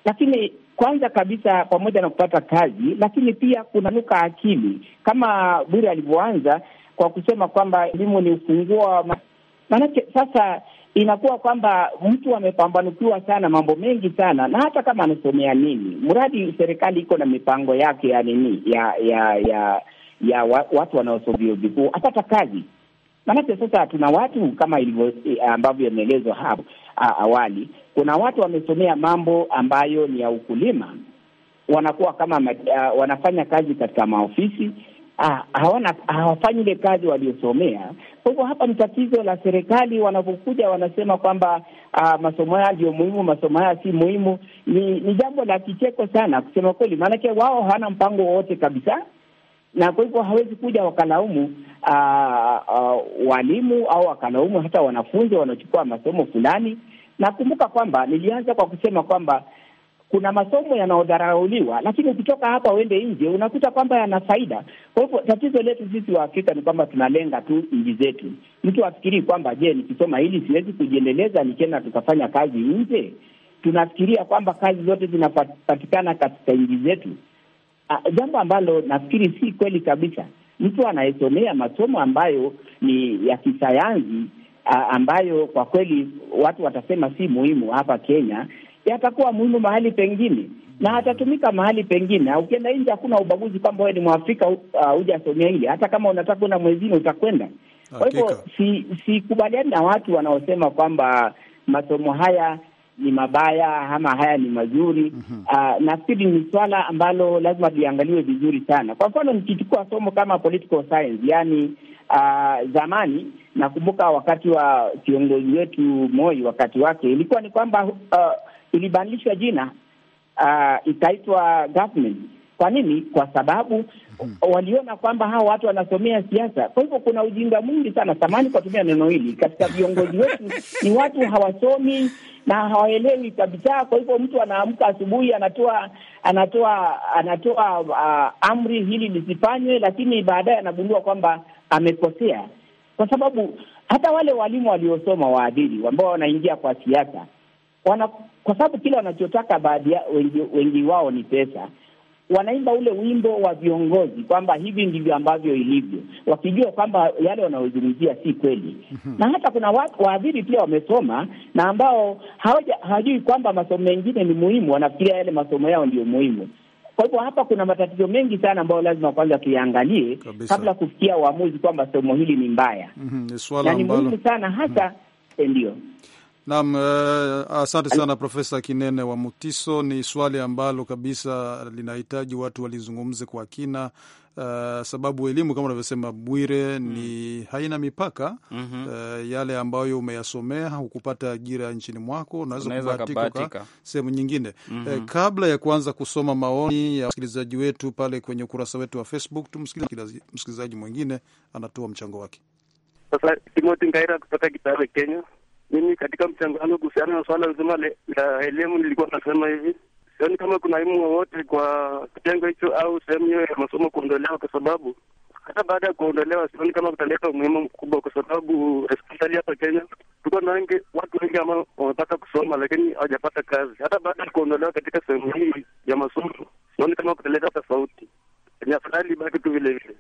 lakini kwanza kabisa, pamoja na kupata kazi, lakini pia kunanuka akili, kama bure alivyoanza kwa kusema kwamba elimu ni ufunguo wa maanake. Sasa inakuwa kwamba mtu amepambanukiwa sana mambo mengi sana, na hata kama anasomea nini, mradi serikali iko na mipango yake ya nini ya ya ya ya wa, watu wanaosoma vyuo vikuu apata kazi. Maanake sasa tuna watu kama ilivyo eh, ambavyo yameelezwa hapo awali, kuna watu wamesomea mambo ambayo ni ya ukulima, wanakuwa kama uh, wanafanya kazi katika maofisi Ah, hawana hawafanyi ile kazi waliosomea. Kwa hivyo hapa ni tatizo la serikali, wanapokuja wanasema kwamba ah, masomo haya ndio muhimu, masomo haya si muhimu. Ni, ni jambo la kicheko sana kusema kweli, maanake wao hawana mpango wowote kabisa na kwa hivyo hawezi kuja wakalaumu aa, ah, aa, walimu au wakalaumu hata wanafunzi wanaochukua masomo fulani. Nakumbuka kwamba nilianza kwa kusema kwamba kuna masomo yanaodharauliwa, lakini ukitoka hapa uende nje unakuta kwamba yana faida. Kwa hivyo tatizo letu sisi wa Afrika ni kwamba tunalenga tu nchi zetu. Mtu afikirii kwamba je, nikisoma hili siwezi kujiendeleza, nikienda tukafanya kazi nje. Tunafikiria kwamba kazi zote zinapatikana katika nchi zetu, ah, jambo ambalo nafikiri si kweli kabisa. Mtu anayesomea masomo ambayo ni ya kisayansi ah, ambayo kwa kweli watu watasema si muhimu hapa Kenya, yatakuwa muhimu mahali pengine na atatumika mahali pengine. ukienda nje, hakuna ubaguzi kwamba wewe ni Mwafrika uh, hujasomea uh, ile. Hata kama unataka kwenda mwezini, utakwenda. Kwa hivyo sikubaliani si na watu wanaosema kwamba masomo haya ni mabaya ama haya ni mazuri. mm -hmm. Uh, nafikiri ni swala ambalo lazima liangaliwe vizuri sana. Kwa mfano nikichukua somo kama political science, yani uh, zamani nakumbuka wakati wa kiongozi wetu Moi, wakati wake ilikuwa ni kwamba uh, ilibadilishwa jina uh, ikaitwa government. Kwa nini? Kwa sababu mm, waliona kwamba hawa watu wanasomea siasa. Kwa hivyo kuna ujinga mwingi sana, samani kwa tumia neno hili, katika viongozi wetu ni watu hawasomi na hawaelewi kabisa. Kwa hivyo mtu anaamka asubuhi, anatoa anatoa anatoa uh, amri hili lisifanywe, lakini baadaye anagundua kwamba amekosea, kwa sababu hata wale walimu waliosoma waadhiri ambao wanaingia kwa siasa wana kwa sababu kile wanachotaka baadhi ya wengi, wengi wao ni pesa. Wanaimba ule wimbo wa viongozi kwamba hivi ndivyo ambavyo ilivyo, wakijua kwamba yale wanayozungumzia si kweli. Mhm. Na hata kuna waadhiri pia wamesoma na ambao hawajui kwamba masomo mengine ni muhimu, wanafikiria yale masomo yao ndiyo muhimu. Kwa hivyo hapa kuna matatizo mengi sana ambayo lazima kwanza tuyaangalie kabla kufikia uamuzi kwamba somo hili ni mbaya. Mm -hmm, ni swala ambalo ni muhimu sana hasa, mhm. eh, ndio mm -hmm. Naam, eh, asante sana Profesa Kinene wa Mutiso. Ni swali ambalo kabisa linahitaji watu walizungumze kwa kina. Uh, sababu elimu kama unavyosema Bwire mm. ni haina mipaka mm -hmm. uh, yale ambayo umeyasomea hukupata ajira nchini mwako unaweza kubahatika sehemu nyingine mm -hmm. uh, kabla ya kuanza kusoma maoni ya msikilizaji wetu pale kwenye ukurasa wetu wa Facebook, tumsikilize msikilizaji mwingine anatoa mchango wake. Sasa Timothy Ngaira kutoka Kitale, Kenya. Mimi katika mchango wangu kuhusiana na swala zima la elimu, nilikuwa nasema hivi, sioni kama kuna imu wowote kwa kitengo hicho au sehemu hiyo ya masomo kuondolewa, kwa sababu hata baada ya kuondolewa sioni kama kutaleta umuhimu mkubwa, kwa sababu especially hapa Kenya tuko na wengi, watu wengi ambao wamepata kusoma lakini hawajapata kazi. Hata baada ya kuondolewa katika sehemu hii ya masomo, sioni kama kutaleta tofauti. Ni afadhali baki tu vilevile.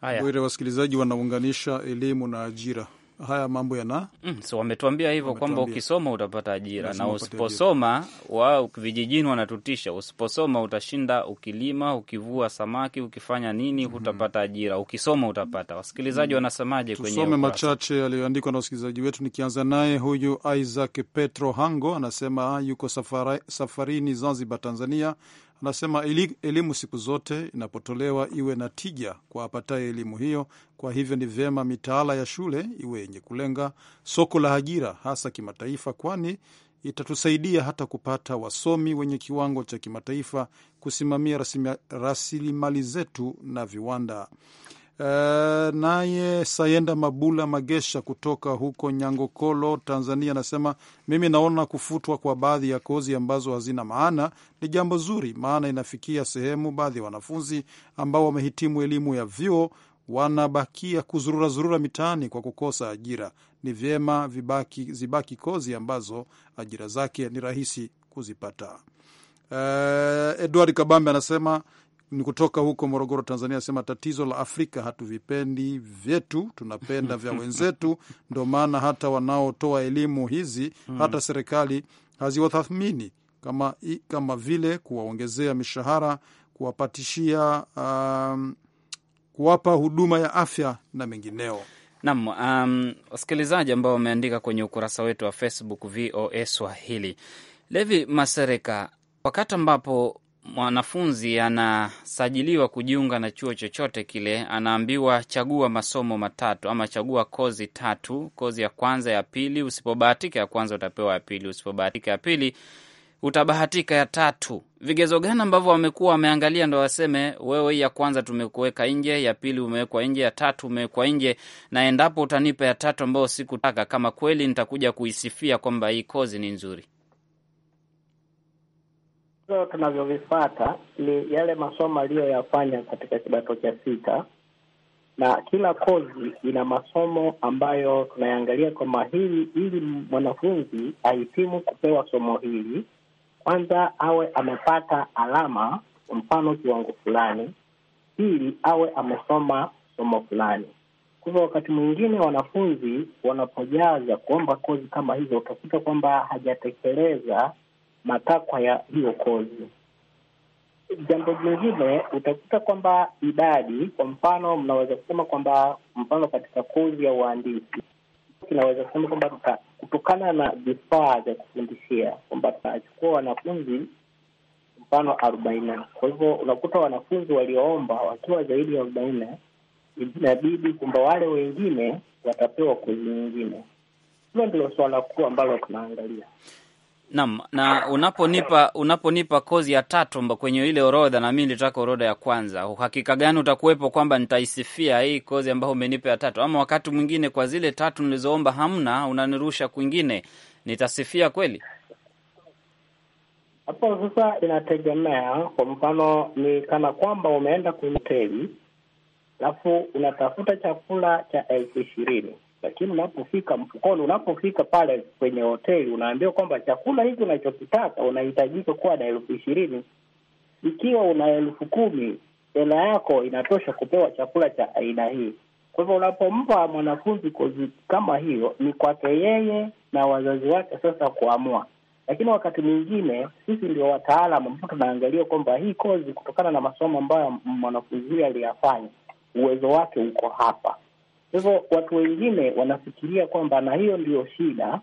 Haya, wasikilizaji wanaunganisha elimu na ajira haya mambo yana mm, so wametuambia hivyo kwamba ukisoma utapata ajira na usiposoma, wa vijijini wanatutisha, usiposoma utashinda ukilima, ukivua samaki, ukifanya nini, mhm. hutapata ajira. Ukisoma utapata. Wasikilizaji mm. wanasemaje? Kwenye tusome machache yaliyoandikwa na wasikilizaji wetu, nikianza naye huyu Isaac Petro Hango anasema yuko safari, safarini Zanzibar, Tanzania Anasema elimu siku zote inapotolewa iwe na tija kwa apataye elimu hiyo. Kwa hivyo ni vyema mitaala ya shule iwe yenye kulenga soko la ajira, hasa kimataifa, kwani itatusaidia hata kupata wasomi wenye kiwango cha kimataifa, kusimamia rasilimali zetu na viwanda. Eh, naye Sayenda Mabula Magesha kutoka huko Nyangokolo, Tanzania, anasema mimi naona kufutwa kwa baadhi ya kozi ambazo hazina maana ni jambo zuri, maana inafikia sehemu baadhi ya wanafunzi ambao wamehitimu elimu ya vyuo wanabakia kuzururazurura mitaani kwa kukosa ajira. Ni vyema vibaki, zibaki kozi ambazo ajira zake ni rahisi kuzipata. Uh, Edward Kabambe anasema ni kutoka huko Morogoro, Tanzania, asema tatizo la Afrika hatuvipendi vyetu, tunapenda vya wenzetu. Ndo maana hata wanaotoa elimu hizi hmm. hata serikali haziwathamini kama, kama vile kuwaongezea mishahara, kuwapatishia um, kuwapa huduma ya afya na mengineo. Nam um, wasikilizaji ambao wameandika kwenye ukurasa wetu wa Facebook VOA Swahili. Levi Masereka, wakati ambapo mwanafunzi anasajiliwa kujiunga na chuo chochote kile, anaambiwa chagua masomo matatu ama chagua kozi tatu, kozi ya kwanza, ya pili. Usipobahatika ya kwanza, utapewa ya pili. Usipobahatika ya pili, utabahatika ya tatu. Vigezo gani ambavyo wamekuwa wameangalia ndo waseme wewe, hii ya kwanza tumekuweka nje, ya pili umewekwa nje, ya tatu umewekwa nje, na endapo utanipa ya tatu ambayo sikutaka, kama kweli nitakuja kuisifia kwamba hii kozi ni nzuri. Vigezo tunavyovifata ni yale masomo aliyoyafanya katika kidato cha sita, na kila kozi ina masomo ambayo tunayaangalia kwamba hili, ili mwanafunzi ahitimu kupewa somo hili, kwanza awe amepata alama, kwa mfano kiwango fulani, ili awe amesoma somo fulani. Kwa hivyo wakati mwingine wanafunzi wanapojaza kuomba kozi kama hizo, utakuta kwamba hajatekeleza matakwa ya hiyo kozi. Jambo jingine utakuta kwamba idadi, kwa mfano, mnaweza kusema kwamba mfano katika kozi ya uhandisi tunaweza kusema kwamba kutokana na vifaa vya kufundishia kwamba tunachukua wanafunzi mfano arobaini. Kwa hivyo unakuta wanafunzi walioomba wakiwa zaidi ya arobaini, inabidi kwamba wale wengine watapewa kozi nyingine. Hilo ndilo suala kuu ambalo tunaangalia. Naam, na unaponipa unaponipa kozi ya tatu kwenye ile orodha, na mimi nilitaka orodha ya kwanza, uhakika gani utakuwepo kwamba nitaisifia hii kozi ambayo umenipa ya tatu? Ama wakati mwingine kwa zile tatu nilizoomba hamna, unanirusha kwingine, nitasifia kweli? Hapo sasa inategemea. Kwa mfano, ni kana kwamba umeenda kwenye hoteli alafu unatafuta chakula cha elfu ishirini lakini unapofika mfukoni, unapofika pale kwenye hoteli, unaambiwa kwamba chakula hiki unachokitaka unahitajika kuwa na elfu ishirini. Ikiwa una elfu kumi, hela yako inatosha kupewa chakula cha aina hii. Kwa hivyo unapompa mwanafunzi kozi kama hiyo, ni kwake yeye na wazazi wake sasa kuamua. Lakini wakati mwingine sisi ndio wataalam ambao tunaangalia kwamba hii kozi, kutokana na masomo ambayo mwanafunzi huyo aliyafanya, uwezo wake uko hapa kwa hivyo watu wengine wanafikiria kwamba, na hiyo ndiyo shida,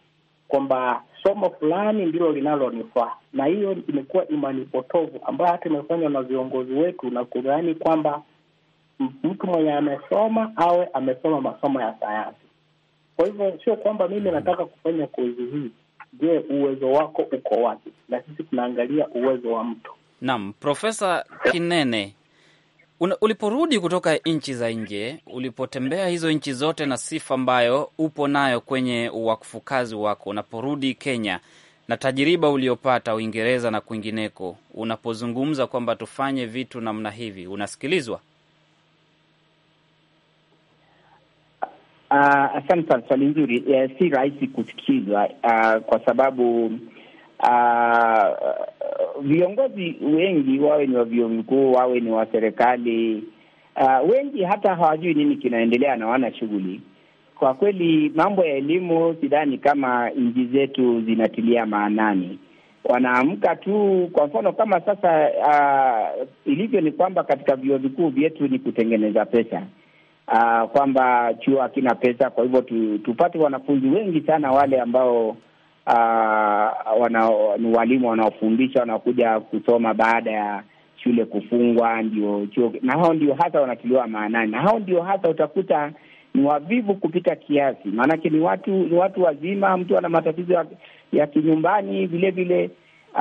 kwamba somo fulani ndilo linalonifaa, na hiyo imekuwa imani potovu ambayo hata imefanywa na viongozi wetu na kudhani kwamba mtu mwenye amesoma awe amesoma masomo ya sayansi. Kwa hivyo sio kwamba mimi mm. nataka kufanya kozi hii. Je, uwezo wako uko wapi? Na sisi tunaangalia uwezo wa mtu. Naam, Profesa Kinene, Una, uliporudi kutoka nchi za nje, ulipotembea hizo nchi zote na sifa ambayo upo nayo kwenye uwakfukazi wako, unaporudi Kenya na tajiriba uliopata Uingereza na kwingineko, unapozungumza kwamba tufanye vitu namna hivi, unasikilizwa? Ah, asante sana swali nzuri. Yeah, si rahisi kusikizwa uh, ah, kwa sababu uh, viongozi wengi wawe ni wa vyuo vikuu, wawe ni wa serikali uh, wengi hata hawajui nini kinaendelea na wana shughuli kwa kweli. Mambo ya elimu sidhani kama nchi zetu zinatilia maanani, wanaamka tu. Kwa mfano kama sasa uh, ilivyo ni kwamba katika vyuo vikuu vyetu ni kutengeneza pesa uh, kwamba chuo hakina pesa, kwa hivyo tu, tupate wanafunzi wengi sana wale ambao uh, wana, ni walimu wanaofundisha wanaokuja kusoma baada ya shule kufungwa, ndio chuo, na hao ndio hasa wanatiliwa maanani, na hao ndio hasa utakuta ni wavivu kupita kiasi, maanake ni watu ni watu wazima, mtu ana matatizo ya, ya kinyumbani vilevile.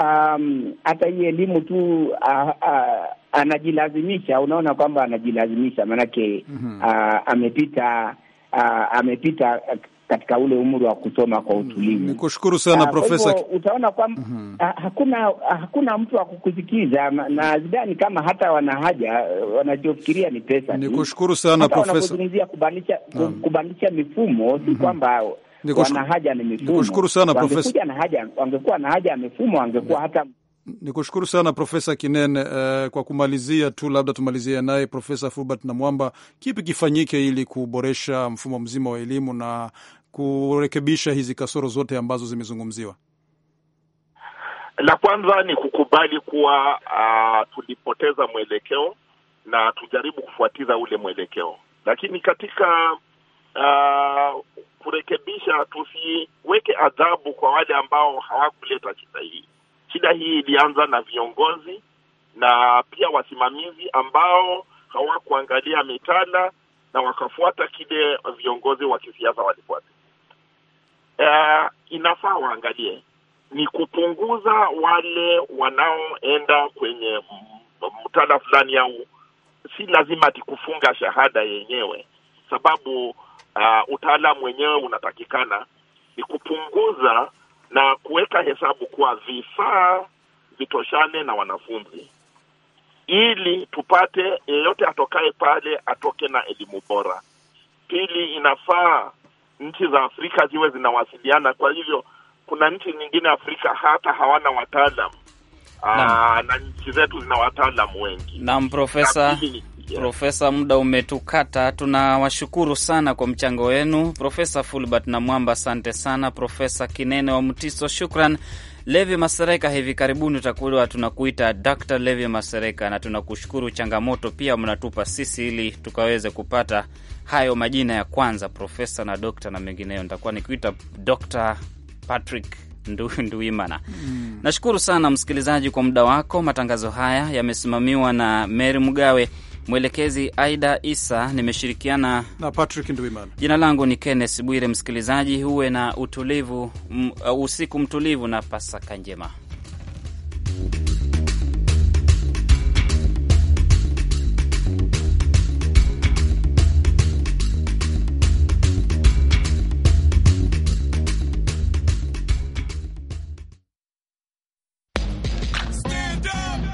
Um, hata hii elimu tu uh, uh, anajilazimisha, unaona kwamba anajilazimisha maanake mm -hmm. uh, amepita uh, amepita katika ule umri wa kusoma kwa mm, utulivu. Ni kushukuru sana ah, Profesa. Utaona kwamba mm -hmm. hakuna hakuna mtu wa kukusikiza, na sidhani kama hata wana haja, wanachofikiria ni pesa. Ni kushukuru sana Profesa. Wanazungumzia kubadilisha kubadilisha mifumo, si mhm. kwamba wana haja ni mifumo. Ni kushukuru sana Profesa. Na haja wangekuwa na haja ya mifumo, wangekuwa hata ni kushukuru sana Profesa Kinene. Uh, kwa kumalizia tu, labda tumalizie naye Profesa Fulbert na Mwamba, kipi kifanyike ili kuboresha mfumo mzima wa elimu na kurekebisha hizi kasoro zote ambazo zimezungumziwa? La kwanza ni kukubali kuwa uh, tulipoteza mwelekeo na tujaribu kufuatiza ule mwelekeo, lakini katika uh, kurekebisha, tusiweke adhabu kwa wale ambao hawakuleta shida hii. Shida hii ilianza na viongozi na pia wasimamizi ambao hawakuangalia mitala na wakafuata kile viongozi wa kisiasa walifuata uh, inafaa waangalie ni kupunguza wale wanaoenda kwenye mtala fulani au si lazima ati kufunga shahada yenyewe sababu uh, utaalamu wenyewe unatakikana ni kupunguza na kuweka hesabu kuwa vifaa vitoshane na wanafunzi ili tupate yeyote atokaye pale atoke na elimu bora pili inafaa nchi za Afrika ziwe zinawasiliana. Kwa hivyo kuna nchi nyingine Afrika hata hawana wataalam na, na nchi zetu zina wataalam wengi. Naam, profesa Yeah. Profesa, muda umetukata. Tunawashukuru sana kwa mchango wenu Profesa Fulbert na Mwamba, asante sana. Profesa Kinene wa Mtiso, shukran. Levi Masereka, hivi karibuni utakuwa tunakuita Dr. Levi Masereka, na tunakushukuru. Changamoto pia mnatupa sisi ili tukaweze kupata hayo majina ya kwanza, profesa na dokta na mengineyo, nitakuwa nikuita Dr Patrick Nduimana. Mm. Nashukuru sana msikilizaji kwa muda wako. Matangazo haya yamesimamiwa na Mary Mgawe, mwelekezi Aida Isa, nimeshirikiana na Patrick Nduimana. Jina langu ni Kenneth Bwire. Msikilizaji, huwe na utulivu, uh, usiku mtulivu na Pasaka njema.